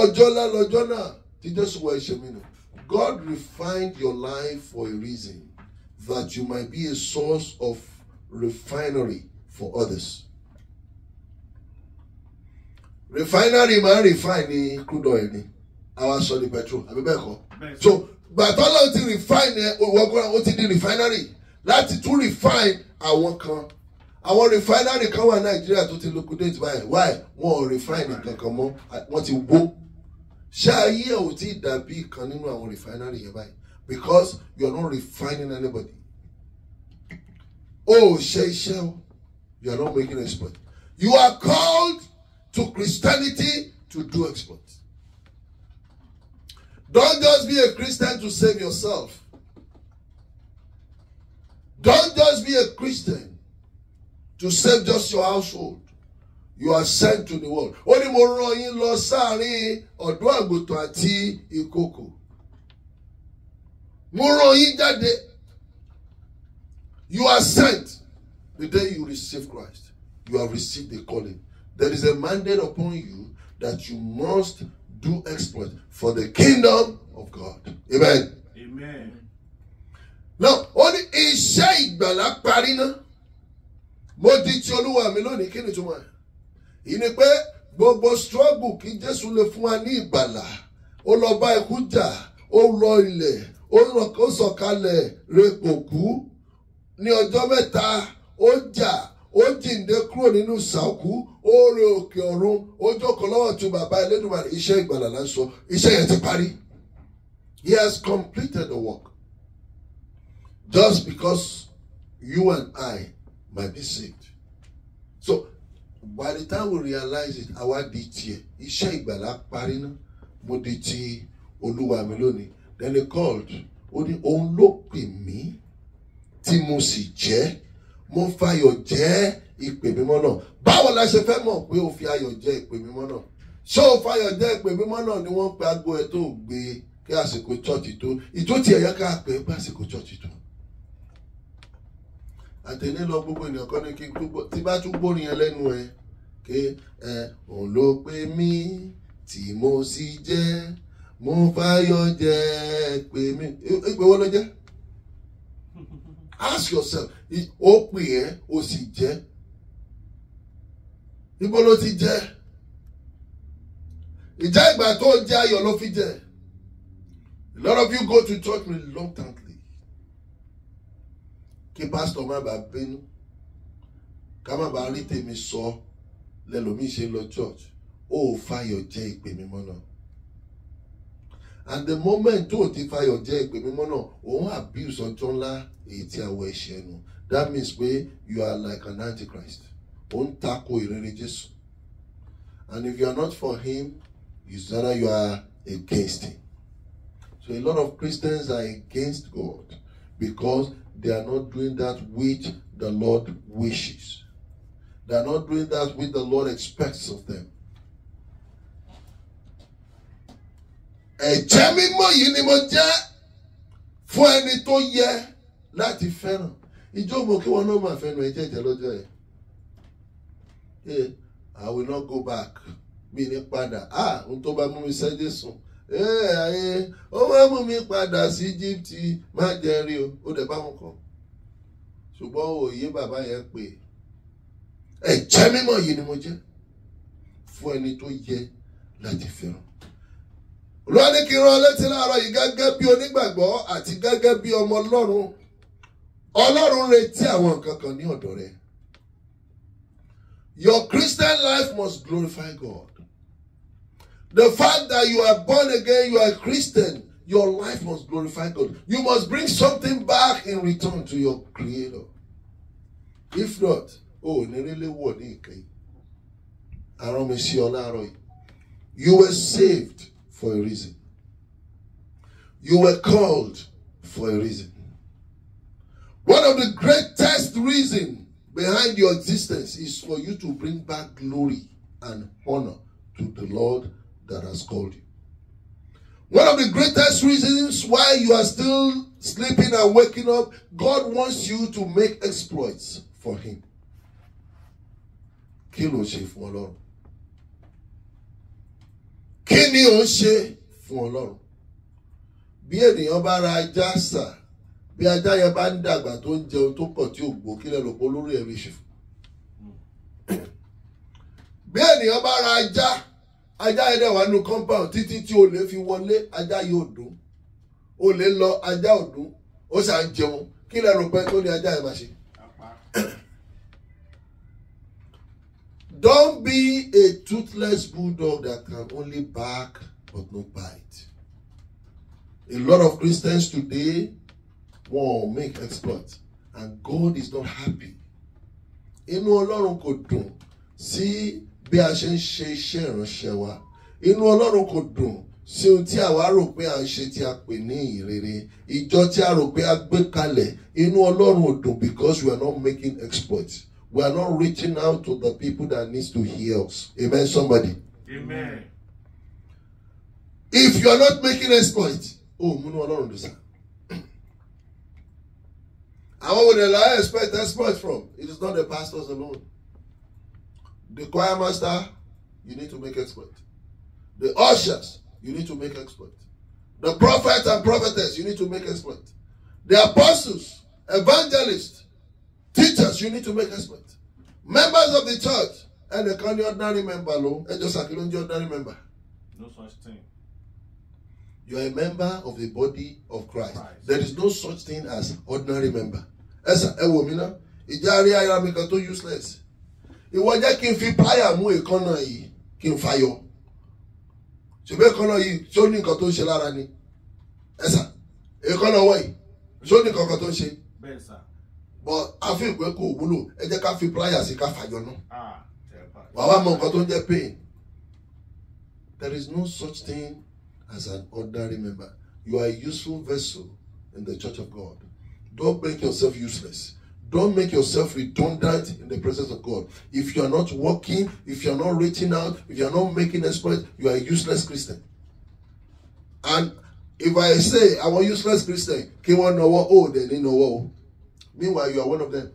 ọjọ́ ńlá lọ́jọ́ náà tí Jésù wọ ẹ̀ṣẹ̀ mi nù God refined your life for a reason that you might be a source of refinery for others. refinery máa ń refine ní crude oil ni àwa sọ ní petrol àbí bẹ́ẹ̀ kọ́ so gbàtọ́lọ́ ti refine ìwọ́gbọ́n ó ti di refinery láti tún refine àwọn kan àwọn refinery kan wà Nàìjíríà tó ti liquidate báyìí why wọn ò refine kankan mọ́ wọ́n ti wó ṣé ayé ẹ̀ ò tí ì dàbí kan nínú àwọn refinery yẹn báyìí because you are not refining anybody o ò ṣe iṣẹ́ o you are not making export you are called to Christianity to do exploits. Don't just be a Christian to save yourself. Don't just be a Christian to save just your household. You are sent to the world. Ó ní mo rán yín lọ sáàrin ọ̀dọ́ àgùntàn àti ìkòkò. Mo rán yín jáde. You are sent. The day you receive Christ, you have received the calling. There is a mandate upon you that you must do exploit for the kingdom of God. Amen. Amen. Now, only ní iṣẹ́ ìgbàlá parí ná. Mo di ti Olúwa mi lónìí kí ni túmọ̀ ẹ̀? Ìní pé gbogbo struggle kí Jésù lè fún wa ní ìgbàlá. Ó lọ bá ikú jà, ó lọ ilẹ̀, ó sọ̀kalẹ̀ rẹ̀ kò Ní ọjọ́ mẹ́ta, ó jà ó jíǹde kúrò nínú ìsànkú ó re òkè ọ̀run ó jókòó lọ́wọ́ tí bàbá Elédùmarè iṣẹ́ ìgbàlà ń sọ iṣẹ́ yẹn ti parí he has completed the work just because you and I might be saved so by the time we realize it our di tiẹ̀ iṣẹ́ ìgbàlà parí ná mo di ti olúwa mi lónìí then he called ó ní òun ló pè mí tí mo sì jẹ́ mo ń fa ayọ̀ jẹ́ ìpè mímọ́ náà báwo la ṣe fẹ́ mọ̀ pé o fi ayọ̀ jẹ́ ìpè mímọ́ náà ṣé o fa ayọ̀ jẹ́ ìpè mímọ́ náà ni wọ́n pe aago ẹ̀ tó gbé kí àsìkò chọ́ọ̀chì tó ìjó tiẹ̀ yẹ ká pè é pé àsìkò chọ́ọ̀chì tó àtẹ̀lé lọ gbogbo ènìyàn kan ní kí tí bá tún gbórin yẹn lẹ́nu ẹ̀ pé ẹ òun ló pè mí tí mo sì jẹ́ mo fayọ̀ jẹ́ pè mí ìpè wo ló jẹ́ ask yourself ó pè ẹ́ ó sì jẹ́ ibo ló ti jẹ́ ìjà ìgbà tó ń jẹ́ ayọ̀ ló fi jẹ́ a lot of you go to church reluctantly kí Pastor má bàa bínú ká má bàa rí tèmi sọ lẹ́lòmíì ṣe lọ church ó fàyọ̀ jẹ́ ìpè mímọ́ náà. and the moment tó ti your jẹ́ ìpè mímọ́ náà òun abuse ọjọ́ ńlá èyí tí àwọ̀ ẹ̀ṣẹ̀ nu that means pé you are like an antichrist ó ń tako ìrere Jésù and if you are not for him it's rather you are against him so a lot of Christians are against God because they are not doing that which the Lord wishes they are not doing that which the Lord expects of them ẹ̀jẹ̀ mímọ́ yìí ni mo jẹ́ fún ẹni tó yẹ láti fẹ́ràn ìjọ mo kí wọn náà máa fẹ́ràn ẹ̀jẹ̀ ẹ̀jẹ̀ lọ́jọ́ yẹn ee I will not go back mi ní padà ah n tó bá mú mi sẹ́jẹ̀ sùn ee ayé ó máa mú mi padà sí Egypt má jẹ́ rí o ó dẹ̀ bá wọn kọ́ ṣùgbọ́n òye bàbá yẹn pè ẹ̀jẹ̀ mímọ́ yìí ni mo jẹ́ fún ẹni tó yẹ láti fẹ́ràn. kí bí àti bí ní your Christian life must glorify God the fact that you are born again you are a Christian your life must glorify God you must bring something back in return to your Creator if not oh, in ní rí léwọ̀ ní ìkẹyìn arán ọ you were saved for a reason. You were called for a reason. One of the greatest reasons behind your existence is for you to bring back glory and honor to the Lord that has called you. One of the greatest reasons why you are still sleeping and waking up, God wants you to make exploits for Him. Kill ló ṣe fún Lord. kí ni ò ń ṣe fún ọlọ́run bí ènìyàn bá ra ajá sà bí ajá yẹn bá ń dàgbà tó ń jẹun tó pọ̀ tí ò gbó kí lẹ́nu pọ̀ lórí ẹ̀rí ṣe fún bí ènìyàn bá ra ajá ajá yẹn dẹ̀ wà nínú compound títí tí o lè fi wọlé ajá yóò dùn lè lọ ajá ò dùn ó ṣà ń jẹun kí lẹ́nu pẹ́ tó ní ajá yẹn máa ṣe. Don't be a toothless bulldog that can only bark but not bite. A lot of Christians today will make exploits, and God is not happy. Inú Ọlọ́run kò dùn sí bí a ṣe ń ṣe iṣẹ́ ìránṣẹ́ wa. Inú Ọlọ́run kò dùn sí ohun tí àwa rò pé à ń ṣe tí a pè ní ìrere. Ìjọ tí a rò pé a gbé kalẹ̀, inú Ọlọ́run ò dùn because we are not making exploits. We are not reaching out to the people that needs to hear us. Amen, somebody. Amen. If you are not making exploit, oh, Muno, I don't understand. And where would the liar expect exploit from? It is not the pastors alone. The choir master, you need to make exploit. The ushers, you need to make exploit. The prophet and prophetess, you need to make exploit. The apostles, evangelists, Teachers, you need to make expert. Members of the church, ẹnìkan ní ordinary member ló and just ń jẹ́ ordinary member. No such thing. You are a member of the body of Christ. Christ. There is no such thing as ordinary member. Esa, ẹ wò mí náà, ìjà rí ara mi kan useless. Ìwọ jẹ́ kí n fi plier mú èékánná yìí kí n fayọ. Ṣùgbọ́n èékánná yìí tó ní nǹkan tó ń ṣe lára ni. Ẹ̀sà èékánná wọ̀nyí tó ní nǹkan kan tó ń ṣe. but I fi we kò wúlò ẹ jẹ́ ká fi pliers sí ká fàyọ náà ah, wàá wá mọ nǹkan tó jẹ́ pain there is no such thing as an ordinary member you are a useful vessel in the church of God don't make yourself useless. Don't make yourself redundant in the presence of God. If you are not working, if you are not reaching out, if you are not making exploits, you are a useless Christian. And if I say I'm a useless Christian, kí wọ́n náwó ó dẹ̀ ní náwó o. Meanwhile, you are one of them.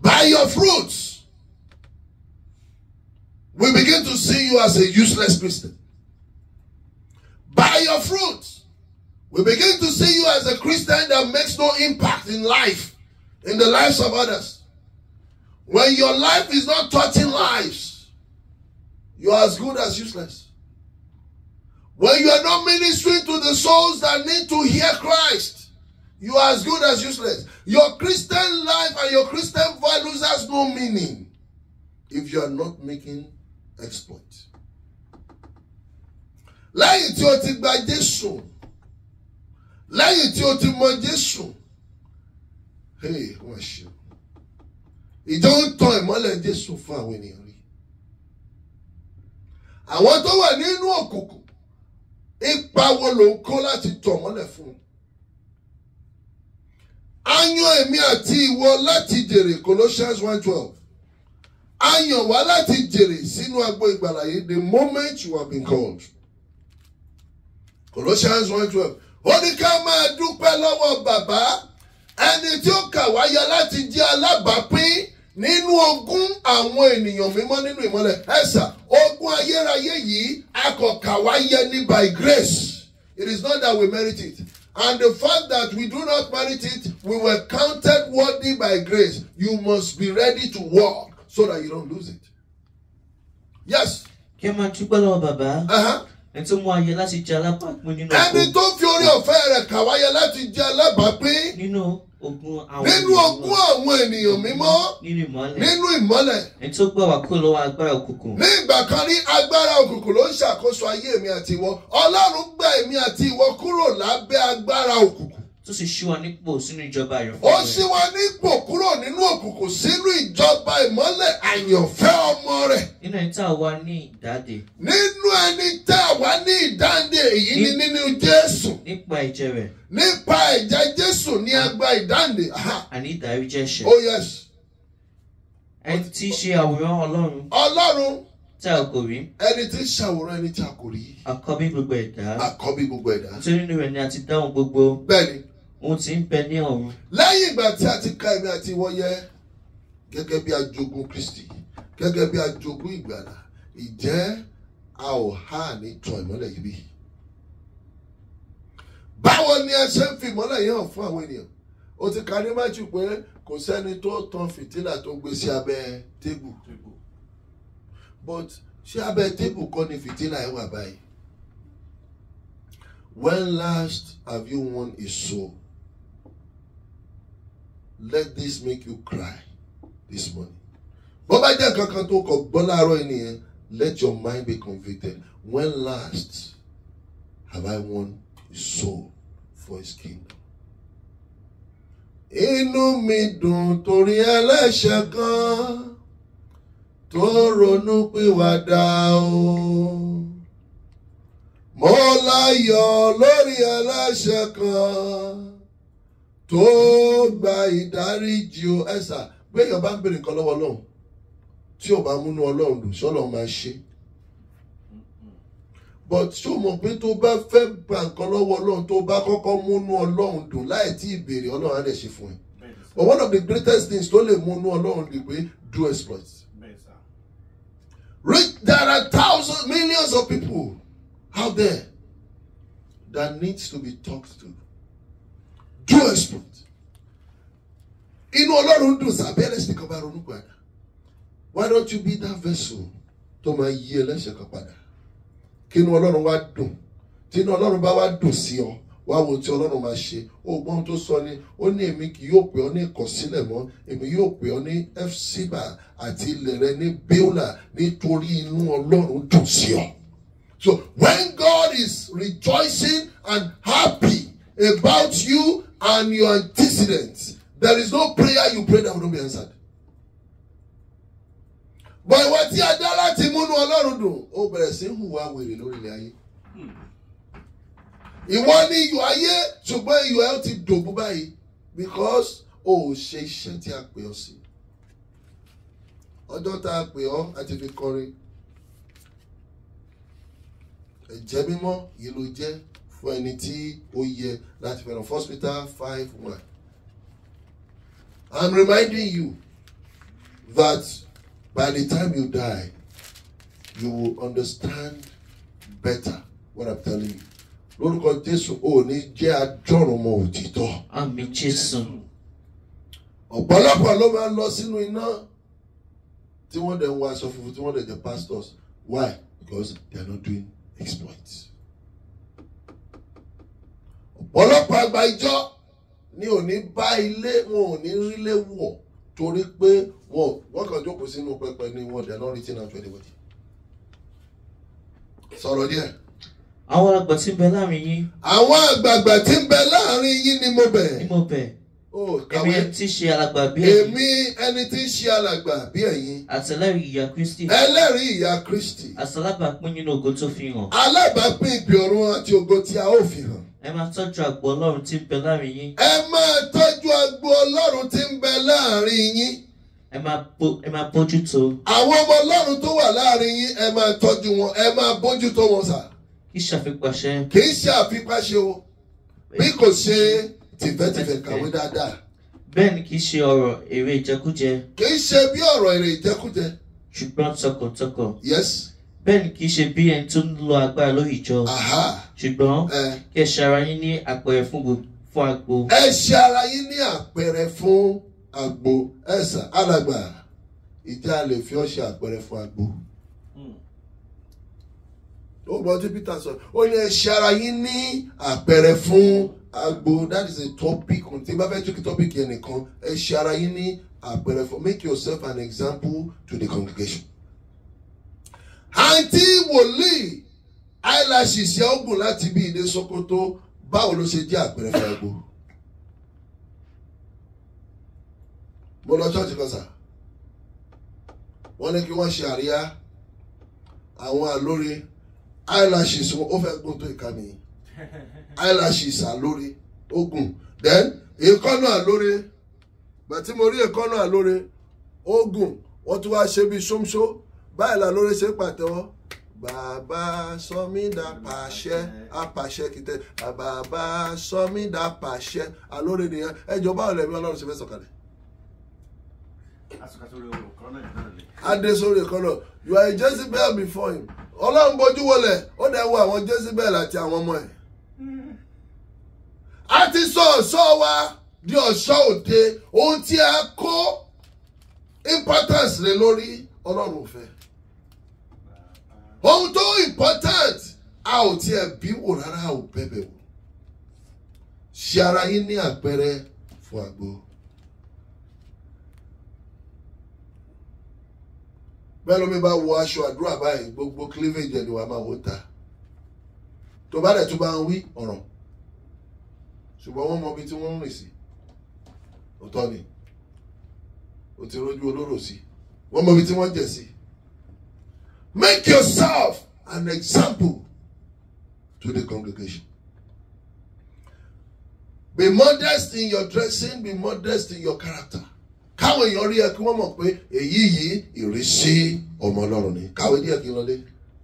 By your fruits, we begin to see you as a useless Christian. By your fruits, we begin to see you as a Christian that makes no impact in life, in the lives of others. When your life is not touching lives, you are as good as useless. When you are not ministering to the souls that need to hear Christ, You are as good as useless. Your Christian life and your Christian values has no meaning if you are not making exploit. Lẹ́yìn tí o ti gba Jésù, lẹ́yìn tí o ti mọ Jésù, hey, wọ́n ṣe. Ìjọ ń tan ìmọ́lẹ̀ Jésù fún àwọn ènìyàn rí. Àwọn tó wà nínú òkùnkùn, ipa wo ló ń kó láti tọ̀ mọ́lẹ̀ fún un? a yàn èmi àti ìwọ láti jèrè Colossians one twelve a yàn wá láti jèrè sínú agbo ìgbàlà the moment you have been called Colossians one twelve ó ní ká máa dúpẹ́ lọ́wọ́ bàbá ẹni tí ó kà wáyà láti jẹ́ alábàápín nínú ogún àwọn ènìyàn mímọ́ nínú ìmọ́lẹ̀ ẹ̀sà ogún ayérayé yìí a wáyà ní by grace it is not that we merit it And the fact that we do not merit it, we were counted worthy by grace. You must be ready to walk so that you don't lose it. Yes. Kí ẹ máa dúpẹ́ lọ́wọ́ bàbá. Uh-huh. Ẹni tó mú ayé láti jẹ alábàápín nínú òkú. Ẹni tó fi orí ọ̀fẹ́ rẹ̀ kàwáyé láti jẹ alábàápín. Nínú nínú ogún àwọn ènìyàn mímọ́ nínú ìmọ́lẹ̀. ẹni tó gbà wá kó lọ́wọ́ agbára òkùnkùn. ní ìgbà kan ní agbára òkùnkùn ló ń ṣàkóso ayé mi àti ìwọ ọlọ́run gbà èmi àti ìwọ kúrò lábẹ́ agbára òkùnkùn tó sì ṣí wa nípò sínú ìjọba àyànfẹ́. ó ṣí wa nípò kúrò nínú òkùnkùn sínú ìjọba ìmọ́lẹ̀ àyànfẹ́ ọmọ rẹ̀. nínú ẹni tá a wà ní ìdáǹdè. nínú ẹni tá a wà ní ìdáǹdè èyí ni nínú jésù. nípa ẹ̀jẹ̀ rẹ̀. nípa ẹ̀jẹ̀ jésù ni a ah. gba ìdáǹdè. àní ìdáríjì ẹ̀ṣẹ̀. oh yes. ẹni tí í ṣe àwòrán ọlọ́run. ọlọ́run tí a kò rí. ẹni tí ń ṣàwòrán ẹni tí a kò rí. àkọ́bí gbogbo ẹ̀dá. àkọ́bí gbogbo ẹ̀dá. nítorí nínú rẹ̀ ni a ti dáhùn gbogbo. bẹ́ẹ̀ni òun ti ń bẹ ní ọ̀run. lẹ́yìn ìgbà tí a ti ka èmi àti ìwọ gẹ́gẹ́ bí ajogun Kristi gẹ́gẹ́ bí ajogun ìgbàlà ìjẹ́ a ò há ní tan ìmọ́lẹ̀ yìí bí. báwo ni ẹ ṣe ń fi ìmọ́lẹ̀ yìí hàn fún àwọn ènìyàn o ti ka ní májú pé kò sẹ́ni tó tan fìtílà tó gbé sí abẹ́ tébù but ṣé abẹ́ tébù kọ́ ni fìtílà ẹ̀ wà báyìí. When last have you won a soul? let this make you cry this morning. bó bá jẹ́ nǹkan kan tó let your mind be convicted when last have I won a soul for his kingdom. inú mi dùn torí ẹlẹ́ṣẹ̀ kan tó ronú pìwàdà o. mo láyọ̀ lórí ẹlẹ́ṣẹ̀ kan tó gba ìdáríjì o ẹ̀sà pé èèyàn bá ń béèrè nǹkan lọ́wọ́ ọlọ́run tí ò bá múnú ọlọ́run dùn sọ́lọ́ máa ṣe but ṣó mọ̀ pé tó bá fẹ́ gba nǹkan lọ́wọ́ ọlọ́run tó bá kọ́kọ́ múnú ọlọ́run dùn láì tí ì béèrè ọlọ́run á lè ṣe fún ẹ but one of the greatest things tó lè múnú ọlọ́run dùn pé do exploit rich there are thousands millions of people out there that needs to be talked to true exploit inú ọlọ́run dùn sábẹ́ ẹlẹ́sìn kan bá ronú padà why don't you be that vessel tó máa yí ẹlẹ́sìn kan padà kí inú ọlọ́run wá dùn tí inú ọlọ́run bá wá dùn sí ọ wá wo tí ọlọ́run máa ṣe ogbon tó sọ ni ó ní èmi kì yóò pè ọ́ ní ìkọ̀sílẹ̀ mọ́ èmi yóò pè ọ́ ní fcba àti ilẹ̀ rẹ ní beulah nítorí inú ọlọ́run dùn sí ọ. So when God is rejoicing and happy about you and your antecedents, there is no prayer you pray that will not be answered. But ìwọ tí a dá láti múnú Ọlọ́run dùn, ó bẹ̀rẹ̀ sí ń hùwà wèrè lórí ilẹ̀ ayé. Ìwọ ni iyọ̀ ayé ṣùgbọ́n iyọ̀ ẹ ti dògbò báyìí because o ò ṣe iṣẹ́ tí a pè ọ́ sí. Ọjọ́ tá a pè ọ́ àti fi kọrin. Ẹ̀jẹ̀ mímọ́ yìí ló jẹ́ fún ẹni tí ó yẹ láti fẹ́ràn hospital five one. I'm reminding you that by the time you die you will understand better what I'm telling you. lórúkọ Jésù ò ní jẹ́ ajọ́rùnmọ òtítọ́. àmín Jésù. ọ̀pọ̀lọpọ̀ ló máa ń lọ sínú iná tí wọ́n dẹ̀ ń wọ aṣọ funfun tí wọ́n dẹ̀ jẹ́ pastors why because they are not doing exploits ọlọ́pàá àgbà ìjọ ni ò ní bá ilé wọn ò ní rílé wọ̀ torí pé wọn wọn kàn jókòó sínú pẹpẹ ni wọn dẹ̀ lọ́rìn tí náà tó ẹnìwọ̀n jì sọ̀rọ̀ díẹ̀. àwọn àgbà tí ń bẹ láàrin yín. àwọn àgbààgbà tí ń bẹ láàrin yín ni mo bẹ̀. ni mo bẹ̀ èmi tí ṣe alàgbà bí ẹ̀yin. èmi ẹni tí ṣe alàgbà bí ẹ̀yin. àtẹlẹ́rìí ìyá kristi. ẹlẹ́rìí ìyá kristi. àtàlábàápín nínú ògo tó fi hàn. alábàápín ìpè ọ̀run àti ògo tí a ó fi hàn ẹ máa tọ́jú àgbo ọlọ́run tí ń bẹ láàrin yín. ẹ máa tọ́jú àgbo ọlọ́run tí ń bẹ láàrin yín. ẹ máa bójú tó. àwọn ọmọ ọlọ́run tó wà láàrin yín ẹ máa tọ́jú wọn ẹ máa bójú tó wọn sà. kì í ṣàfipáṣe. kì í ṣàfipáṣe o bí kò ṣe tìfẹ́tìfẹ́ kàwé dáadáa. bẹ́ẹ̀ ni kì í ṣe ọ̀rọ̀ èrè ìjẹkújẹ. kì í ṣe bí ọ̀rọ̀ èrè ìjẹkújẹ. ṣùgbọ́n tọkàntọkàn. yes bẹ́ẹ̀ ni kì í ṣe bí ẹni tó ń lo agbára lórí ìjọ ṣùgbọ́n kí ẹ ṣe ara yín ní àpẹẹrẹ fún agbo. ẹ ṣe ara yín ní àpẹẹrẹ fún agbo ẹsà alàgbà ìjà lè fi ọ ṣe àpẹẹrẹ fún agbo. Hmm. ó gbọ́ tí Peter sọ ó ní ẹ ṣe yín ní àpẹẹrẹ fún agbo that is a topic tí bá fẹ́ tókì topic yẹn nìkan ẹ ṣe ara yín ní àpẹẹrẹ fún make yourself an example to the congregation àǹtí wòlíì eyelashes yẹ ogun láti bí ilé Sokoto báwo ló ṣe jẹ́ àpẹẹrẹ fẹ́ẹ́gbó. mo lọ ṣọ́ọ̀ṣì kan sà wọ́n ní kí wọ́n ṣe àríyá àwọn àlórí eyelashes wọn ó fẹ́ gùn tó eyelashes àlórí ogun. then èékánná àlórí bàtí mo rí èékánná àlórí ó gùn wọ́n tún wá ṣe bí ṣómṣó báyìí la lórí ṣe pàtẹ́wọ́ bàbá sọmídà pàṣẹ apàṣẹ kìtẹ bàbá sọmídà pàṣẹ alórí nìyẹn ẹjọ́ báwo lẹbi Ọlọ́run ṣe fẹ́ sọ̀kalẹ̀. adé sórí ìkọlọ you are a Jezebel before him Ọlọ́run bójú wọlẹ̀ ó dẹ̀ wo àwọn Jezebel àti àwọn ọmọ ẹ̀. a ti sọ ọ̀ṣọ́ wa di ọ̀ṣọ́ òde ohun tí a kó importance lé lórí Ọlọ́run ò fẹ́ ohun tó important a ò tiẹ̀ bí wò rárá a ò bẹ̀bẹ̀ wò ṣe ara yín ní àpẹẹrẹ fún àgbo. bẹ́ẹ̀ ló mi bá wọ aṣọ àdúrà báyìí gbogbo cleavage ẹ̀ ni wàá máa wò ta tó bá dẹ̀ tó bá ń wí ọ̀ràn ṣùgbọ́n wọ́n mọ ibi tí wọ́n ń rìn sí òótọ́ ni o ti rójú olóró sí wọ́n mọ ibi tí wọ́n jẹ̀ sí Make yourself an example to the congregation. Be modest in your dressing, be modest in your character. Káwọn èèyàn rí ẹ kí pé èyí yìí ìrísí ọmọ Ọlọ́run ni. Káwé díẹ̀ kí n lọlé.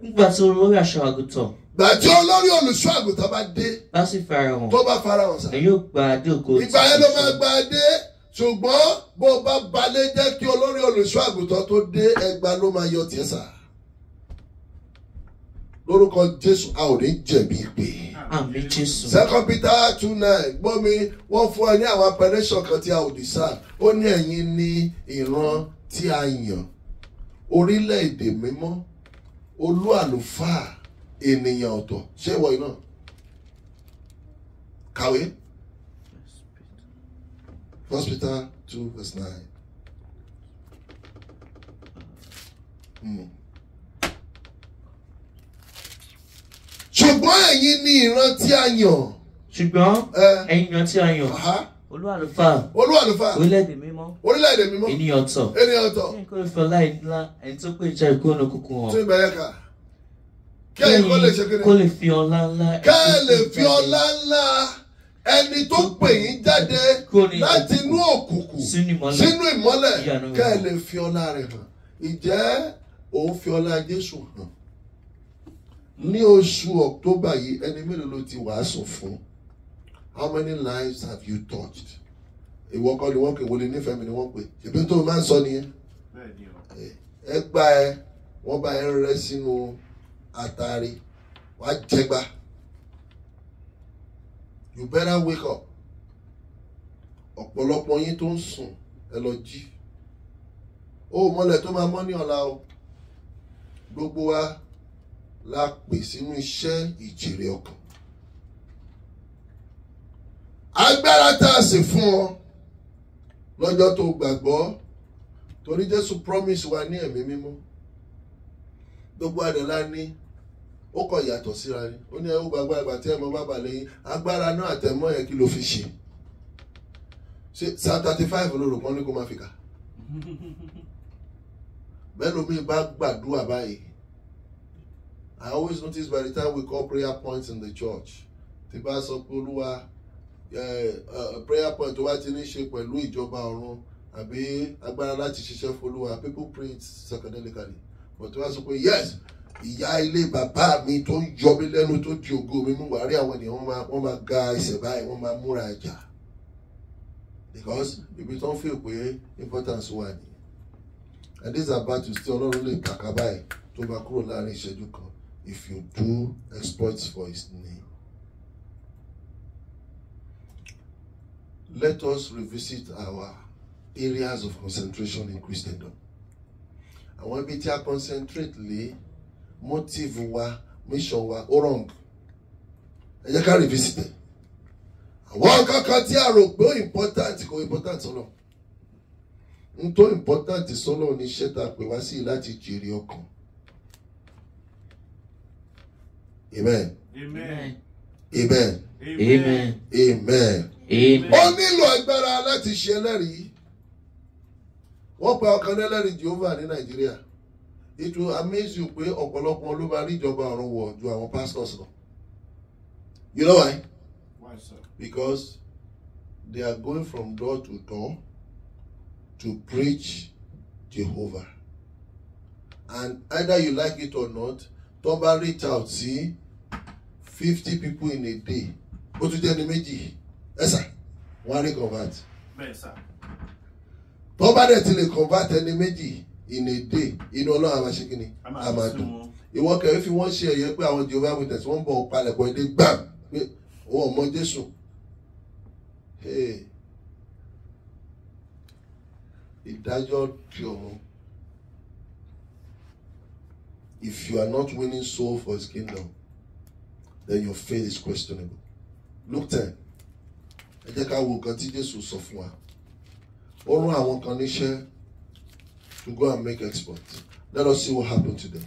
Nígbà tí olórí aṣọ àgùntàn. Gbà tí olórí olùṣọ́ àgùntàn bá dé. Bá sì farahàn. Tó bá farahàn sá. Ẹ yóò gba adé ògo. Ìgbà yẹn ló máa gba adé ṣùgbọ́n bó bá balẹ̀ jẹ́ kí olórí olùṣọ́ àgùntàn tó dé ẹgbàá ló máa yọ tiẹ̀ sáà lórúkọ jésù a ò ní jẹ̀bi ìpè. àmín jésù. second peter two nine gbọ́ mi wọ́n fún ẹ ní àwọn apẹ̀lẹ́sọ̀ kan tí a ò dìsá ó ní ẹ̀yin ní ìran tí a yàn orílẹ̀-èdè mímọ́ olú àlùfáà ènìyàn ọ̀tọ̀ ṣé ìwọ iná kàwé first peter two verse nine. Mm. ṣùgbọ́n ẹ̀yin ni ìran tí a yàn. ṣùgbọ́n ẹ̀yin ìran tí a yàn olúwàlùfà olúwàlùfà orílẹ̀-èdè mímọ́ orílẹ̀-èdè mímọ́ ènìyàn tọ̀ ènìyàn tọ̀ kí n kò fẹ́ láì ńlá ẹni tó pè jẹ́ ìkóhùn òkùnkùn hàn. tún ìbẹ̀rẹ̀ kà kí ẹ̀yin kó lè ṣe kí ni kó lè fi ọlá ńlá ẹni tó pè yín jáde láti inú òkùnkùn sínú ìmọ́lẹ̀ kí ẹ lè fi ọlá rẹ̀ hàn ìjẹ́ òun fi ọlá Jésù hàn ní oṣù october yìí ẹni mélòó ló ti wàásù fún how many lives have you touched ìwọ kọ́ ni wọ́n pè wọlé nífẹ̀ẹ́ mi ni wọ́n pè ṣèpé tó o máa ń sọ nìyẹn ẹ gbá ẹ wọ́n bá ẹ rẹ sínú Atari? wàá jẹgba you better wake up ọ̀pọ̀lọpọ̀ yín tó ń sùn ẹ lọ jí ó mọ́lẹ̀ tó máa mọ́ ní ọ̀la o gbogbo wa la pè sínú iṣẹ́ ìjèrè ọkàn. agbára tá a sì fún ọ lọ́jọ́ tó gbàgbọ́ torí Jésù promise wa ní ẹ̀mí mímọ́ gbogbo àdàlá ní ó kọ yàtọ̀ síra ni ó ní ẹ ó gbàgbọ́ àgbà tí ẹ mọ bàbà lẹ́yìn agbára náà àtẹ̀mọ́ yẹn kí ló fi ṣe ṣe sáà thirty five ló ní kó má fi kà bẹ́ẹ̀ bá gbàdúrà báyìí I always notice by the time we call prayer points in the church tí bá sọ pé olúwa prayer point tó bá ti ní ṣe pẹ̀lú ìjọba ọ̀run àbí agbára láti ṣiṣẹ́ fọlúwa people pray it secondarily but tí wọ́n sọ pé yes ìyá ilé bàbá mi tó ń yọ mí lẹ́nu tó di ògo mi mú wàá rí àwọn ènìyàn wọ́n máa ga ẹsẹ̀ báyìí wọ́n máa múra ẹ̀jà because ibi tó ń fi pé importance wà ní and these about to tí ọlọ́run lè kàkà báyìí tó bá kúrò láàrin ìṣẹ́jú kan if you do exploits for his name. Let us revisit our areas of concentration in Christendom. Àwọn ibi tí a concentrate lé motive wa mission wa ó wrong. Ẹ jẹ́ ká revisit ẹ̀. Àwọn kankan tí a rò pé ó important kò important sọ́nà. N tó important sọ́nà ni iṣẹ́ tá a pè wá sí láti jèrè ọkàn. Amen. Amen. Amen. Amen. Amen. Amen. Ó nílò agbára láti ṣe ẹlẹ́rìí. Wọ́n pa ọkàn ẹlẹ́rìí Jehovah ní Nàìjíríà. It will amaze you pé ọ̀pọ̀lọpọ̀ ló máa rí ìjọba ọ̀run wọ̀ ju àwọn pastors lọ. You know why? Why, sir? Because they are going from door to door to preach Jehovah. And either you like it or not, tó bá reach out sí fifty people in a day ó tún jẹ́ ní méjì ẹ̀sà wọ́n á rí convert. bẹ́ẹ̀ sà. tó bá dẹ̀ ti lè convert ẹni méjì in a day inú ọlọ́run a máa ṣe kí ni a máa dùn ìwọ kẹrin fi wọ́n ṣe ẹ̀yẹ pé àwọn Jehovah Witness wọ́n ń bọ̀ palẹ̀pọ̀ ẹdẹ gbàm pé wọn ò mọ Jésù ìdájọ́ di ọ̀run. If you are not winning soul for his kingdom, then your faith is questionable. Look 10. Ẹ jẹ́ ká wo nǹkan tí Jésù sọ fún wa. Ó rán àwọn kan níṣẹ́ to go and make exports. Let us see what happened to them.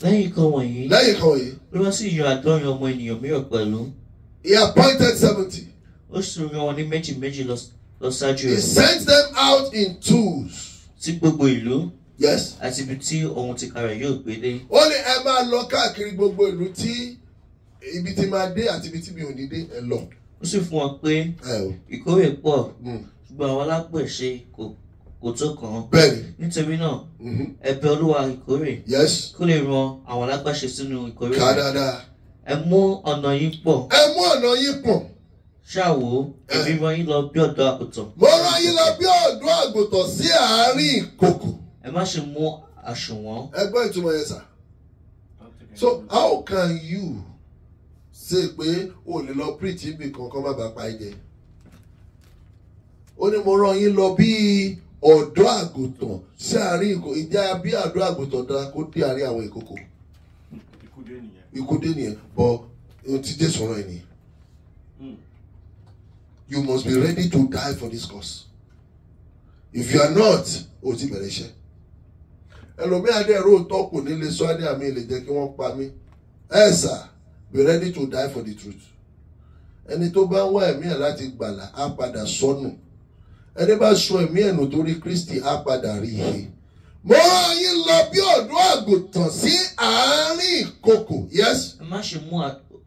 Lẹ́yìn kan wọ̀nyí. Lẹ́yìn kan wọ̀nyí. Olúwa sì yan àádọ́rin ọmọ ènìyàn mìíràn pẹ̀lú. He appointed seventy. Ó sì yan wọn ní méjì méjì lọ ṣáájú rẹ̀. He sent them out in twos. Sí gbogbo ìlú yes. àti ibi tí ohun ti karẹ̀ yóò gbé dé. ó ní ẹ máa lọ káàkiri gbogbo ìlú tí ibi tí máa dé àti ibi tí mi ò ní dé ẹ lọ. ó sì fún wọn pé ìkórè pọ̀ mm. ṣùgbọ́n àwọn alápèsè kò kò tó kàn án. bẹ́ẹ̀ni. nítorí náà mm-hmm. ẹ olúwa ìkórè. yes. kó lè ran àwọn alágbàṣe sínú ìkórè. ká dáadáa. ẹ mú ọ̀nà yín pọ̀. ẹ mú ọ̀nà yín pọ̀ ṣàwò èmi rán yín lọ bí ọ̀dọ́ àgùntàn. mo rán yín lọ bí ọ̀dọ́ àgùntàn sí àárín ìkòkò ẹ má ṣe mú àṣùwọ̀n. ẹ gbọ́ ìtumọ̀ yẹn sà so how can you say pé o lè lọ preach ibi kankan má bàa pa ẹ jẹ ó ní mo rán yín lọ bí ọ̀dọ́ àgùntàn sí àárín ìkó ìjà bí ọ̀dọ́ àgùntàn dára kó dé àárín àwọn ìkókò ìkúdé nìyẹn bọ ohun tí Jésù rán ẹ hmm. you must be ready to die for this cause if you are not o ti bẹ̀rẹ̀ iṣẹ́ ẹlòmíà dẹ̀ róòtọ́ kò ní lè sọ ní àmì lè jẹ́ kí wọ́n pa mí ẹ sà be ready to die for the truth ẹni tó bá ń wá ẹ̀mí ẹ̀ láti gbàlà á padà sọnù ẹni bá sọ ẹ̀mí ẹ̀ nù torí Kristi á padà rí ihe mo yín lọ bí ọ̀dọ́ àgùntàn sí àárín ìkokò yes. ẹ má ṣe mú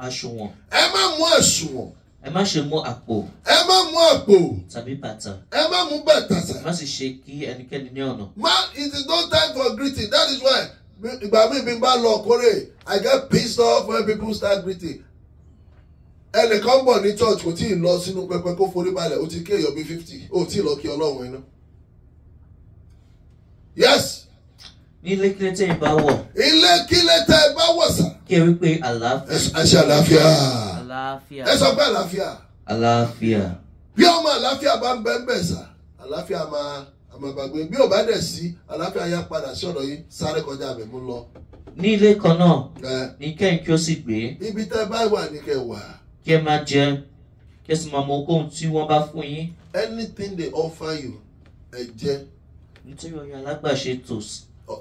àṣùwọ̀n. ẹ má mú àṣùwọ̀n ẹ má ṣe mú àpò. ẹ má mú àpò. tàbí bàtà. ẹ má mú bàtà sà. má sì ṣe kí ẹnikẹ́ni ní ọ̀nà. ma it is no time for greeting that is why ìgbà mi bí n bá lọ kórè I get pissed off when people start greeting ẹnìkan bọ̀ ní church kò tí ì lọ sínú pẹpẹ kó forí balẹ̀ ó ti ké èèyàn bíi fifty ó tí ì lọ kí ọlọ́run iná. yes. ní ilé kílé tẹ́ ẹ bá wọ̀. ilé kílé tẹ́ ẹ bá wọ̀ sà. kí ẹ wí pé àlàáfíà. ẹ ṣe àlàáfíà àlàáfíà. ẹ sọ pé àlàáfíà. àlàáfíà. bí ọmọ àlàáfíà bá ń bẹ́ẹ̀ bẹ́ẹ̀ sà àlàáfíà máa àmàgbàgbé bí ò bá dẹ̀ sí àlàáfíà yá padà sí ọ̀dọ̀ yìí sáré kọjá mi mú lọ. ní ilé kan náà ní kẹ́hìnkí ó sì gbé. ibi tẹ́ bá wà ní kẹ́ wà. kí ẹ máa jẹ kí ẹ sì máa mọ ogóhùn tí wọ́n bá fún yín. anything they offer you ẹ jẹ. nítorí ọ̀yà alágbàṣe tòsí.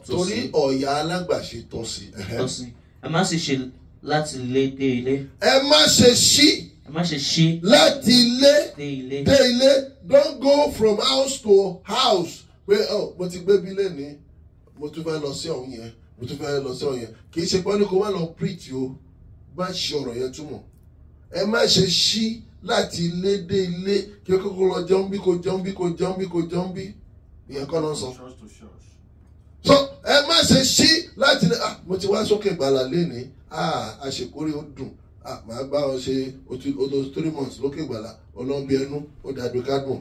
torí ọ̀yà alágbàṣe tòsí. tòsí ẹ má sì ṣe láti ilé dé ilé. ẹ má ṣe ṣí. ẹ má ṣe ṣí. láti ilé dé ilé. dé ilé don't go from house to house pé oh, mo ti gbé bí lẹ́ni mo tún fẹ́ lọ sí ọ̀hún yẹn mo tún fẹ́ lọ sí ọ̀hún yẹn kì í ṣe pé kó má lọ preach o má ṣe ọ̀rọ̀ yẹn túmọ̀ ẹ má ṣe ṣí láti ilé dé ilé kí ó kókó lọ jẹun bí kò jẹun bí kò jẹun bí kò jẹun bí ìyẹn kọ́ ló ń sọ so ẹ má ṣe ṣí láti ní ah mo ti wá sókè gbàlà lénìí ah àṣekórè ó dùn ah màá bá ọ ṣe o three months lókè gbàlà ọlọ́bí ẹnu ó dàbí kádùn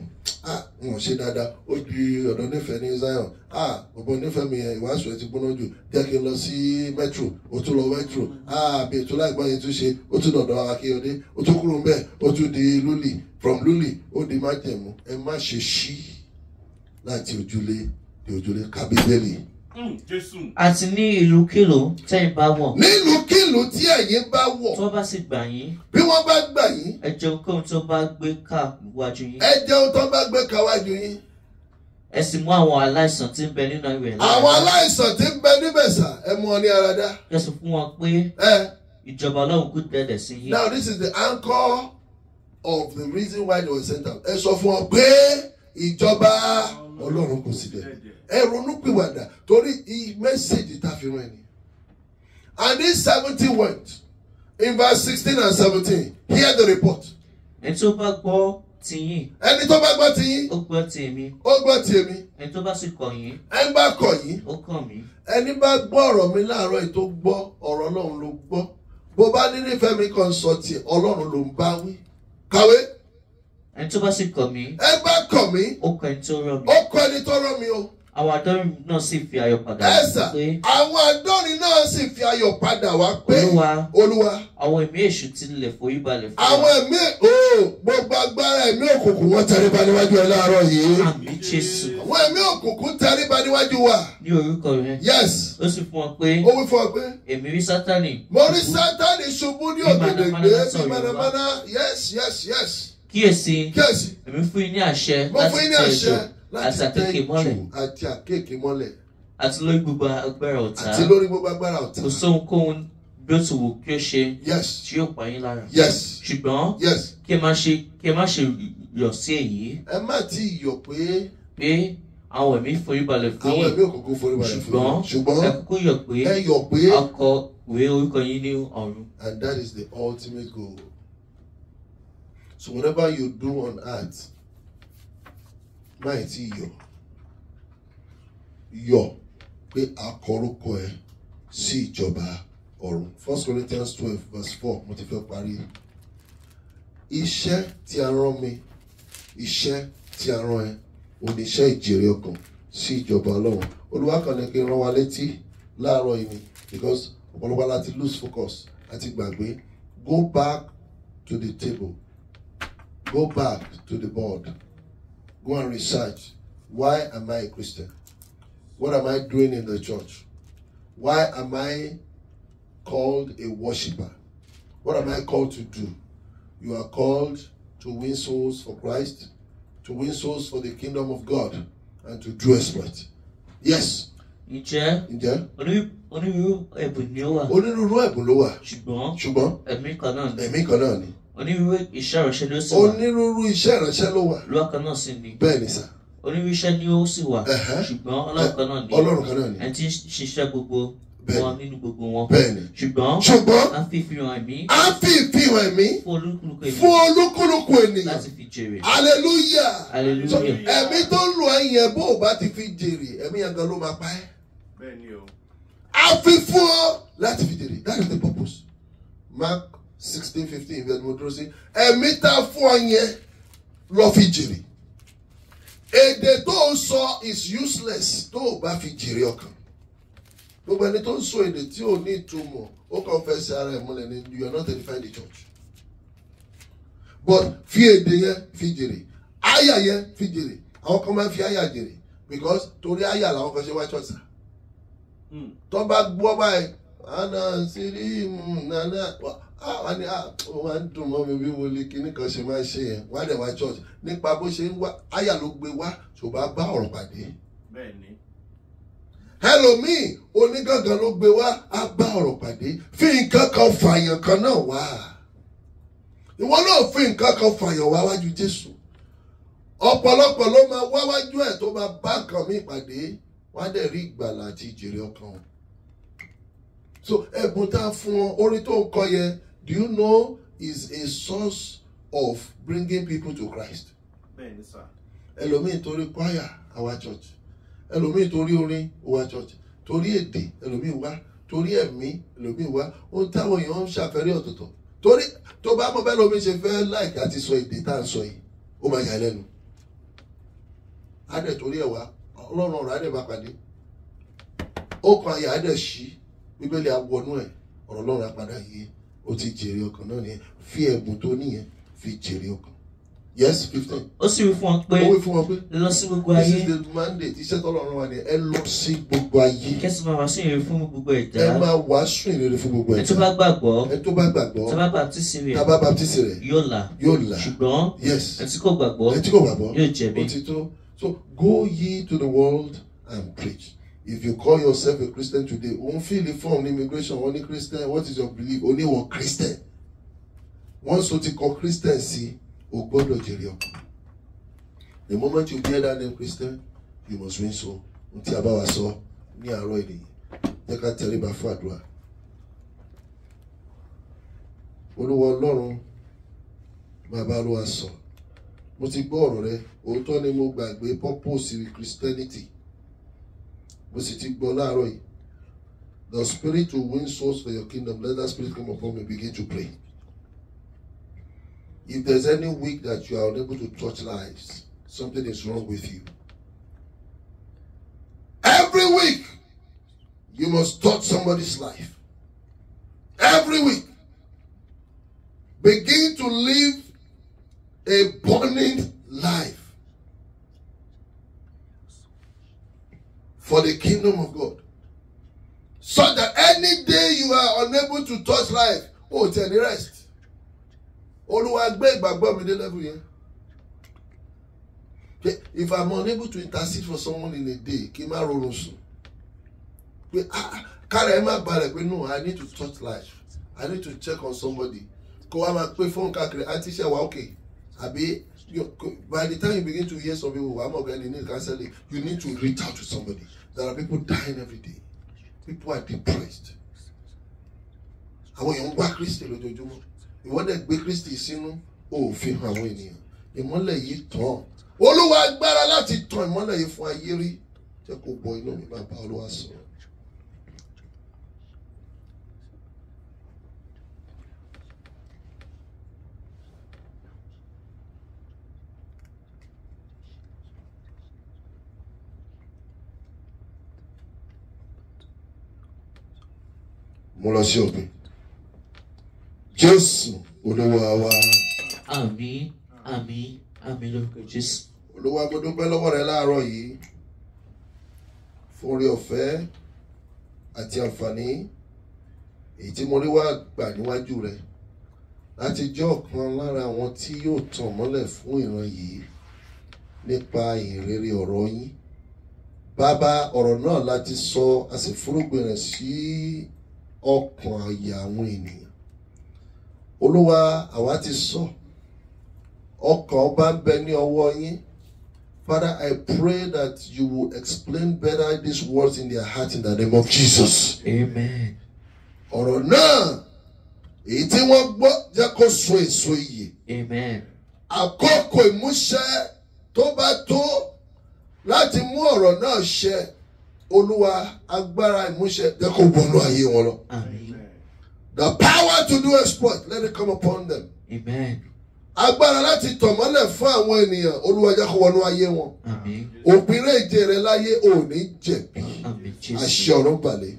ah n ò ṣe dáadáa ó ju ọ̀dọ́ nífẹ̀ẹ́ ní Zion ah ọ̀bọ̀ nífẹ̀ẹ́ mi yẹn ìwàásù ẹ ti gbóná jù jẹ́ kí n lọ sí metro ó tún lọ metro ah bí ètò láìpẹ́ yẹn tún ṣe ó tún dọ̀dọ̀ Akínyẹ̀dé ó tún kúrò ńbẹ̀ ó tún di lúlì from lúlì ó di májẹ̀mú ẹ má ṣe ṣí láti ojúlé di ojúlé kábíyèlì. Hmm, àti ní ìlúkìlú tẹ́yìn bá wọ̀. ní ìlúkìlú tí ẹ̀yin bá wọ̀. tó bá sì gbà yín. bí wọ́n bá gbà yín. ẹ jẹ ohun tó bá gbé ká wájú yín. ẹ jẹ ohun tó bá gbé ká wájú yín. ẹ sì mú àwọn aláìsàn tí ń bẹ nínú ìwẹ̀ lára. àwọn aláìsàn tí ń bẹ níbẹ̀ sà ẹ mú wọn ní ara dá. ẹ sọ fún wọn pé ìjọba ọlọ́run kò dẹ̀dẹ̀ sí yín. now this is the anchor of the reason why they were sent out. ẹ sọ fún wọn pé ìjọba ọlọ́run kò síbẹ̀ ẹ ronúpìwàdà torí mẹ́sẹ̀gì tá a fi rán ẹni. and this seventy went in verse sixteen and seventeen hear the report. ẹni tó bá gbọ́ tiyín. ẹni tó bá gbọ́ tiyín. ó gbọ́ tèmi. ó gbọ́ tèmi. ẹni tó bá sì kọ̀ yín. ẹni bá kọ̀ yín. ó kàn mí. ẹni bá gbọ́ ọ̀rọ̀ mi láàárọ̀ yìí gbọ́ ọ̀rọ̀ ọlọ́run ló gbọ́ bó bá nílé ìfẹ́ mi kàn sọ tiẹ̀ ọlọ́run ló ń bá wí. kàwé ẹni tó bá sì kọ̀ mí. ẹ bá kọ̀ mí. ó kọ̀ ẹni tó rán mi. ó kọ̀ ẹni tó rán mi o. àwọn àdọ́rin náà sì fi ayọ̀ padà wá pé. àwọn àdọ́rin náà sì fi ayọ̀ padà wá pé. olúwa olúwa. àwọn ẹ̀mí èṣù ti lè forí balẹ̀ fún wa. àwọn ẹ̀mí o gbogbo agbára ẹ̀mí òkùnkùn wọn tẹríba níwájú ẹ láàárọ̀ yìí. àmín jésù. àwọn ẹ̀mí òkùnkùn tẹríba níwájú wa. ní orúkọ rẹ. yes. ó sì fún ọ pé. ó wí fún ọ pé. èmi rí sátani. mo rí sátani ṣubú ní òkèdè yes yes yes kíyèsí èmi fún yín ní àṣẹ láti tẹ ejò àti àkéèké mọ́lẹ̀ àti lórí gbogbo agbára ọ̀tá àti lórí gbogbo agbára ọ̀tá kò sóhun kóhun bí ó ti wù kí ó ṣe tí yóò pa yín lára ṣùgbọ́n kí ẹ má ṣe kí ẹ má ṣe yọ̀ sí èyí. ẹ má ti yọ̀ pé. pé àwọn ẹ̀mí foríbalẹ̀ fún yín àwọn ẹ̀mí òkùnkùn foríbalẹ̀ fún yín ṣùgbọ́n ẹ kúkú yọ̀ pé ẹ yọ̀ pé akọ̀wé orúkọ yín ní ọ̀run. and that is the ultimate goal. So whatever you do on earth, mighty yo, yo, be akọrúkọ ẹ sí joba ọ̀run First Corinthians twelve verse four mo ti fẹ́ parí iṣẹ́ tí a rán mi iṣẹ́ tí a rán ẹ joba ìjèrè Oluwa sí ìjọba ọlọ́run olúwa kan ní kí n rán wa létí láàárọ̀ yìí ni because ọ̀pọ̀lọpọ̀ láti lose focus àti gbàgbé go back to the table Go back to the board. Go and research. Why am I a Christian? What am I doing in the church? Why am I called a worshiper? What am I called to do? You are called to win souls for Christ, to win souls for the kingdom of God, and to do exploit. Yes. Ǹjẹ́ onírúurú ẹ̀bùn ni ó wà? Onírúurú ẹ̀bùn ló wà. Ṣùgbọ́n ẹ̀mí kan náà ni. Ẹ̀mí kan náà ni. onírúurú iṣẹ́ ìránṣẹ́ ló sì wà. onírúurú iṣẹ́ ìránṣẹ́ ló wà. lọ́wọ́ náà sì ni. bẹ́ẹ̀ ni sà. onírúurú iṣẹ́ ni ó sì wà. ṣùgbọ́n ọlọ́run kan náà ni. ni. ẹni tí ń ṣiṣẹ́ gbogbo wọn nínú gbogbo wọn. bẹ́ẹ̀ni ṣùgbọ́n ṣùgbọ́n a fi ìfihàn ẹ̀mí. a fi ìfihàn ẹ̀mí. fún olúkúlùkù ènìyàn. láti fi jèrè. aleluya. aleluya. ẹ̀mí tó ń lo ẹ̀yìn bó o bá ti fi jèrè ẹ̀mí yẹn gan ló máa pa ẹ́. bẹ́ẹ̀ni o. a fi fún ọ láti fi jèrè that is the purpose. Mark sixteen fifteen ibi ẹni mo dúró sí ẹ̀mí tá a fún ọ yẹn lọ fi jèrè èdè tó ń sọ is useless tó o bá fi jèrè ọkàn gbogbo ẹni tó ń sọ èdè tí ò ní ìtumọ̀ ó kàn fẹ́ sí ara ẹ̀ múlẹ̀ ni you are not edifying the church but fi èdè yẹn fi jèrè àyà yẹn fi jèrè àwọn kan máa ń fi àyà jèrè because torí àyà làwọn kan ṣe wá church sa hmm. tó bá gbọ́ báyìí àná sírí mm, nana Ah, wá ní ah, ó máa ń dùn mọ́ mi bí mo lè kíní kan ṣe máa ń ṣe yẹn wá dẹ̀ wá church nípa bó ṣe ń wá àyà ló gbé wá tó bá bá ọ̀rọ̀ pàdé. bẹ́ẹ̀ni. ẹlòmíì onígangan ló gbé wá á bá ọ̀rọ̀ pàdé fi nǹkan kan fààyàn kan náà wá ìwọ náà fi nǹkan kan fààyàn wá wájú Jésù ọ̀pọ̀lọpọ̀ ló máa wá wájú ẹ̀ tó máa bá nǹkan mi pàdé wá dẹ̀ rí ìgbàlà àti ìjèrè ọkàn so ẹ̀bùn tá a fún ọ orin tó ń kọ yẹn do you know is a source of bringing people to Christ. bẹ́ẹ̀ni sá. ẹlòmíì torí choir our church ẹlòmíì torí orin our church torí èdè ẹlòmíì wá torí ẹ̀mí ẹlòmíì wá ohun táwọn èèyàn ń ṣàfẹ́rẹ́ ọ̀tọ̀ọ̀tọ̀ torí tó bá mọ bẹ́ẹ̀ lómi ṣe fẹ́ láìka àti sọ èdè tá à ń sọ yìí ó máa yà á lẹ́nu. á dẹ̀ torí ẹ̀ wá ọlọ́run ọ̀rọ̀ á dẹ̀ bá pàdé ó kan àyà á dẹ̀ ṣí bíbélì á wọnú ẹ̀ ọ̀rọ̀ ọlọ́run á padà yìí o ti jèrè ọkàn náà nìyẹn fi ẹ̀bùn tó nìyẹn fi jèrè ọkàn yes fifteen. ó sì wí fún wọn pé ó wí fún wọn pé lọ sí gbogbo ayé this is the mandate iṣẹ́ tó lọ́rùn wa ni ẹ lọ sí gbogbo ayé. kẹ́sì máa wàásù ìrere fún gbogbo ẹ̀dá. ẹ máa wàásù ìrere fún gbogbo ẹ̀dá. ẹ tó bá gbàgbọ́ ẹ tó bá gbàgbọ́ tá bá baptisi rẹ̀ tá bá baptisi rẹ̀ yóò là yóò là ṣùgbọ́n yes ẹ tí kò gbàgbọ́ ẹ tí kò gbàgbọ́ yóò jẹ̀bi. ó ti tó so go ye to the world and preach if you call yourself a christian today òun fíìlì form immigration wọ́n ní christian what is your belief oníwọ̀ christian once o ti kọ christian sí o gbọ́dọ̀ jèrè ọkàn the moment you hear that name christian you must win so n tí a bá wa sọ ní àárọ̀ ènìyàn jẹ́ ká tẹríba fún àdúrà olúwa ọlọ́run bàbá ló wa sọ mo ti gbọ́ ọ̀rọ̀ rẹ òótọ́ ni mo gbàgbé pọ́pọ́sì christianity the spirit will win souls for your kingdom let that spirit come upon me begin to pray if there's any week that you are unable to touch lives something is wrong with you every week you must touch somebody's life every week begin to live a burning life for the kingdom of God. So that any day you are unable to touch life, oh, tell the rest. If I'm unable to intercede for someone in a day, kí n má rọrùn sùn. Pé ah, ah, kára ẹ má no, I need to touch life. I need to check on somebody. Kó wá máa pé fóònù káàkiri, àǹtí ṣe wà ókè your, by the time you begin to hear some people, I'm okay, they need counseling, you need to reach out to somebody. There are people dying every day. People are depressed. Àwọn èèyàn ń wá Kristi lójoojúmọ́. Ìwọ́dẹ̀ gbé Kristi sínú òfin àwọn ènìyàn. Ìmọ́lẹ̀ yìí tàn. Olúwa agbára láti tàn ìmọ́lẹ̀ yìí fún ayé rí. Jẹ́ kó gbọ́ inú mi bá bá Olúwa sọ̀rọ̀. mo lọ sí òpin jésù olúwa wa. àmín àmín àmín lórúkọ jésù. olúwa gbọdọ̀ pẹ́ lọ́wọ́ rẹ láàárọ̀ yìí fún orí ọ̀fẹ́ àti àǹfààní èyí tí mo rí wá gbà níwájú rẹ láti jẹ́ ọ̀kan lára àwọn tí yóò tàn mọ́lẹ̀ fún ìran yìí nípa ìrere ọ̀rọ̀ yín bàbá ọ̀rọ̀ náà láti sọ àsìfúrúgbìn rẹ̀ sí ọkàn àyà àwọn ènìyàn olúwa àwa ti sọ ọkàn ọba ń ní ọwọ́ yín Father I pray that you will explain better these words in their heart in the name of Jesus amen ọ̀rọ̀ náà èyí tí wọ́n gbọ́ jẹ́ amen àkókò ìmúṣẹ tó bá tó láti mú ọ̀rọ̀ náà ṣẹ. olúwa agbára ìmúṣẹ jẹ́ kó bọ̀nú ayé wọn lọ. the power to do exploit let it come upon them. Amen. agbára láti tọ̀mọ́lẹ̀ fún àwọn ènìyàn olúwa jẹ́ kó wọnú ayé wọn. òpinrẹ́ ìje rẹ láyé ò ní jẹ̀bi àṣẹ ọ̀run balẹ̀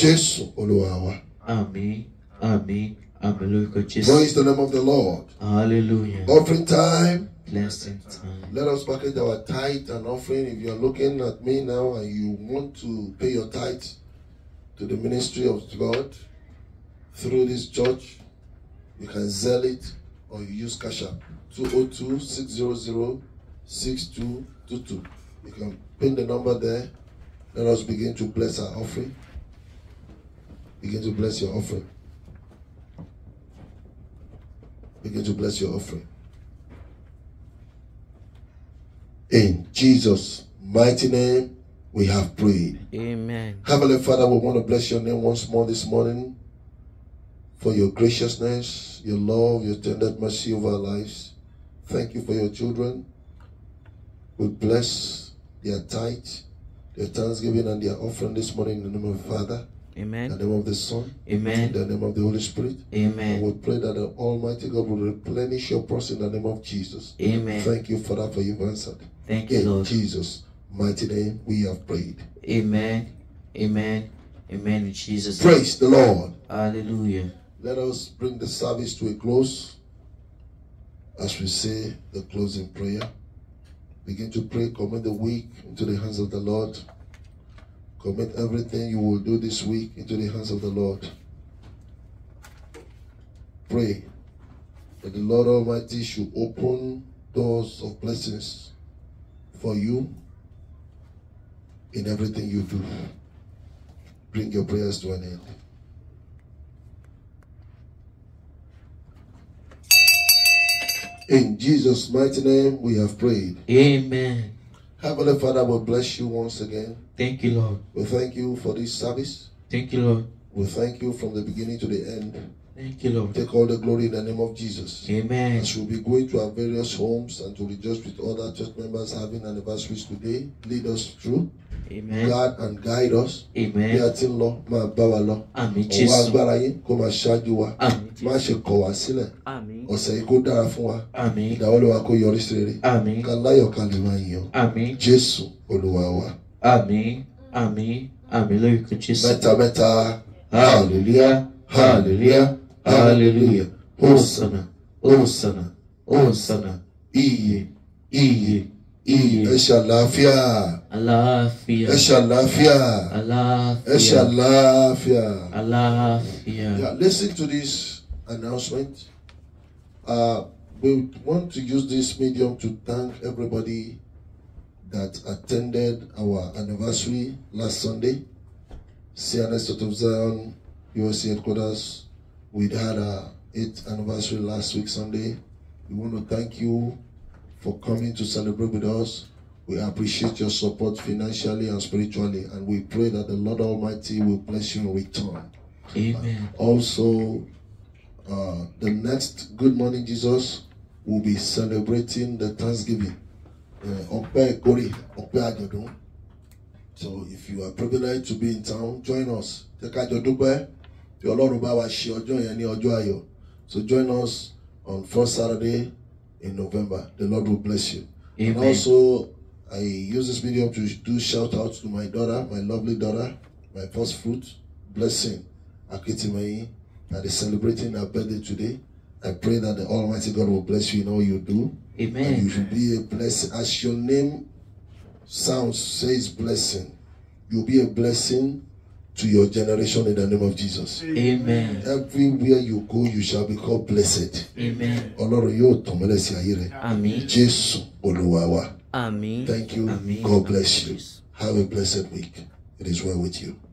jésù olúwa wa. Amen. Amen. Amen. Praise the name of the Lord. Hallelujah. Offering time. blessed time. Let us package our tithe and offering. If you're looking at me now and you want to pay your tithe to the ministry of God through this church, you can sell it or you use Cash App 202 600 6222. You can pin the number there. Let us begin to bless our offering. Begin to bless your offering. Begin to bless your offering. In Jesus' mighty name, we have prayed. Amen. Heavenly Father, we want to bless your name once more this morning for your graciousness, your love, your tender mercy over our lives. Thank you for your children. We bless their tithe, their thanksgiving, and their offering this morning in the name of the Father. Amen. In the name of the Son. Amen. In the name of the Holy Spirit. Amen. And we pray that the Almighty God will replenish your person in the name of Jesus. Amen. Thank you, Father, for you've answered. Thank you, In Lord. Jesus' mighty name, we have prayed. Amen. Amen. Amen. In Jesus. Praise name. the Lord. Hallelujah. Let us bring the service to a close as we say the closing prayer. Begin to pray, commit the week into the hands of the Lord. Commit everything you will do this week into the hands of the Lord. Pray that the Lord Almighty should open doors of blessings for you in everything you do. Bring your prayers to an end. In Jesus' mighty name, we have prayed. Amen. Heavenly Father, we bless you once again. Thank you, Lord. We thank you for this service. Thank you, Lord. We thank you from the beginning to the end. Thank you, Lord. Take all the glory in the name of Jesus. Amen. As we'll be going to our various homes and to rejoice with other church members having anniversaries today, lead us through. Amen. God and guide us. Amen. Bí a ti ń lọ, máa Amen. wa lọ. Àmín Jésù. Ọwọ́ agbára yín Amen. máa ṣáájú wa. Àmín Jésù. Má ṣe kọ̀ Amen. Àmín. Ọ̀sẹ̀ yìí kó dára fún wa. Àmín. Ìdáwọ́lé Amen. kó yọrí sí rere. Àmín. Ká láyọ̀ ká lè máa yàn. Àmín. Jésù Olúwa wa. ko yori si Amen. Àmín. ka le Amen. lórúkọ Amen. Amen. Amen. Mẹ́ta mẹ́ta. Hallelujah. Hallelujah. Hallelujah. Hosanna, Hosanna, Hosanna. Iye, iye, iye. Ẹ ṣàlàáfíà. Àlàáfíà. Ẹ ṣàlàáfíà. Àlàáfíà. Ẹ ṣàlàáfíà. Àlàáfíà. Yeah, listen to this announcement. Uh, we want to use this medium to thank everybody that attended our anniversary last Sunday. CNS of Zion, USA headquarters, we had our uh, eighth anniversary last week, Sunday. We want to thank you for coming to celebrate with us. We appreciate your support financially and spiritually, and we pray that the Lord Almighty will bless you in return. Amen. Uh, also, uh, the next Good Morning Jesus will be celebrating the Thanksgiving. Uh, so if you are privileged to be in town, join us. Take out your Dubai tí ọlọ́run bá wa ṣe ọjọ́ yẹn ní ọjọ́ ayọ̀ so join us on first Saturday in November the Lord will bless you Amen. and also I use this medium to do shout out to my daughter my lovely daughter my first fruit blessing Akitimayi that is celebrating her birthday today I pray that the Almighty God will bless you in all you do Amen. and you should be a blessing as your name sounds says blessing you'll be a blessing to your generation in the name of Jesus. Amen. Everywhere you go, you shall be called blessed. Amen. Ọlọ́run yóò Thank you. God bless you. Have a blessed week. It is well with you.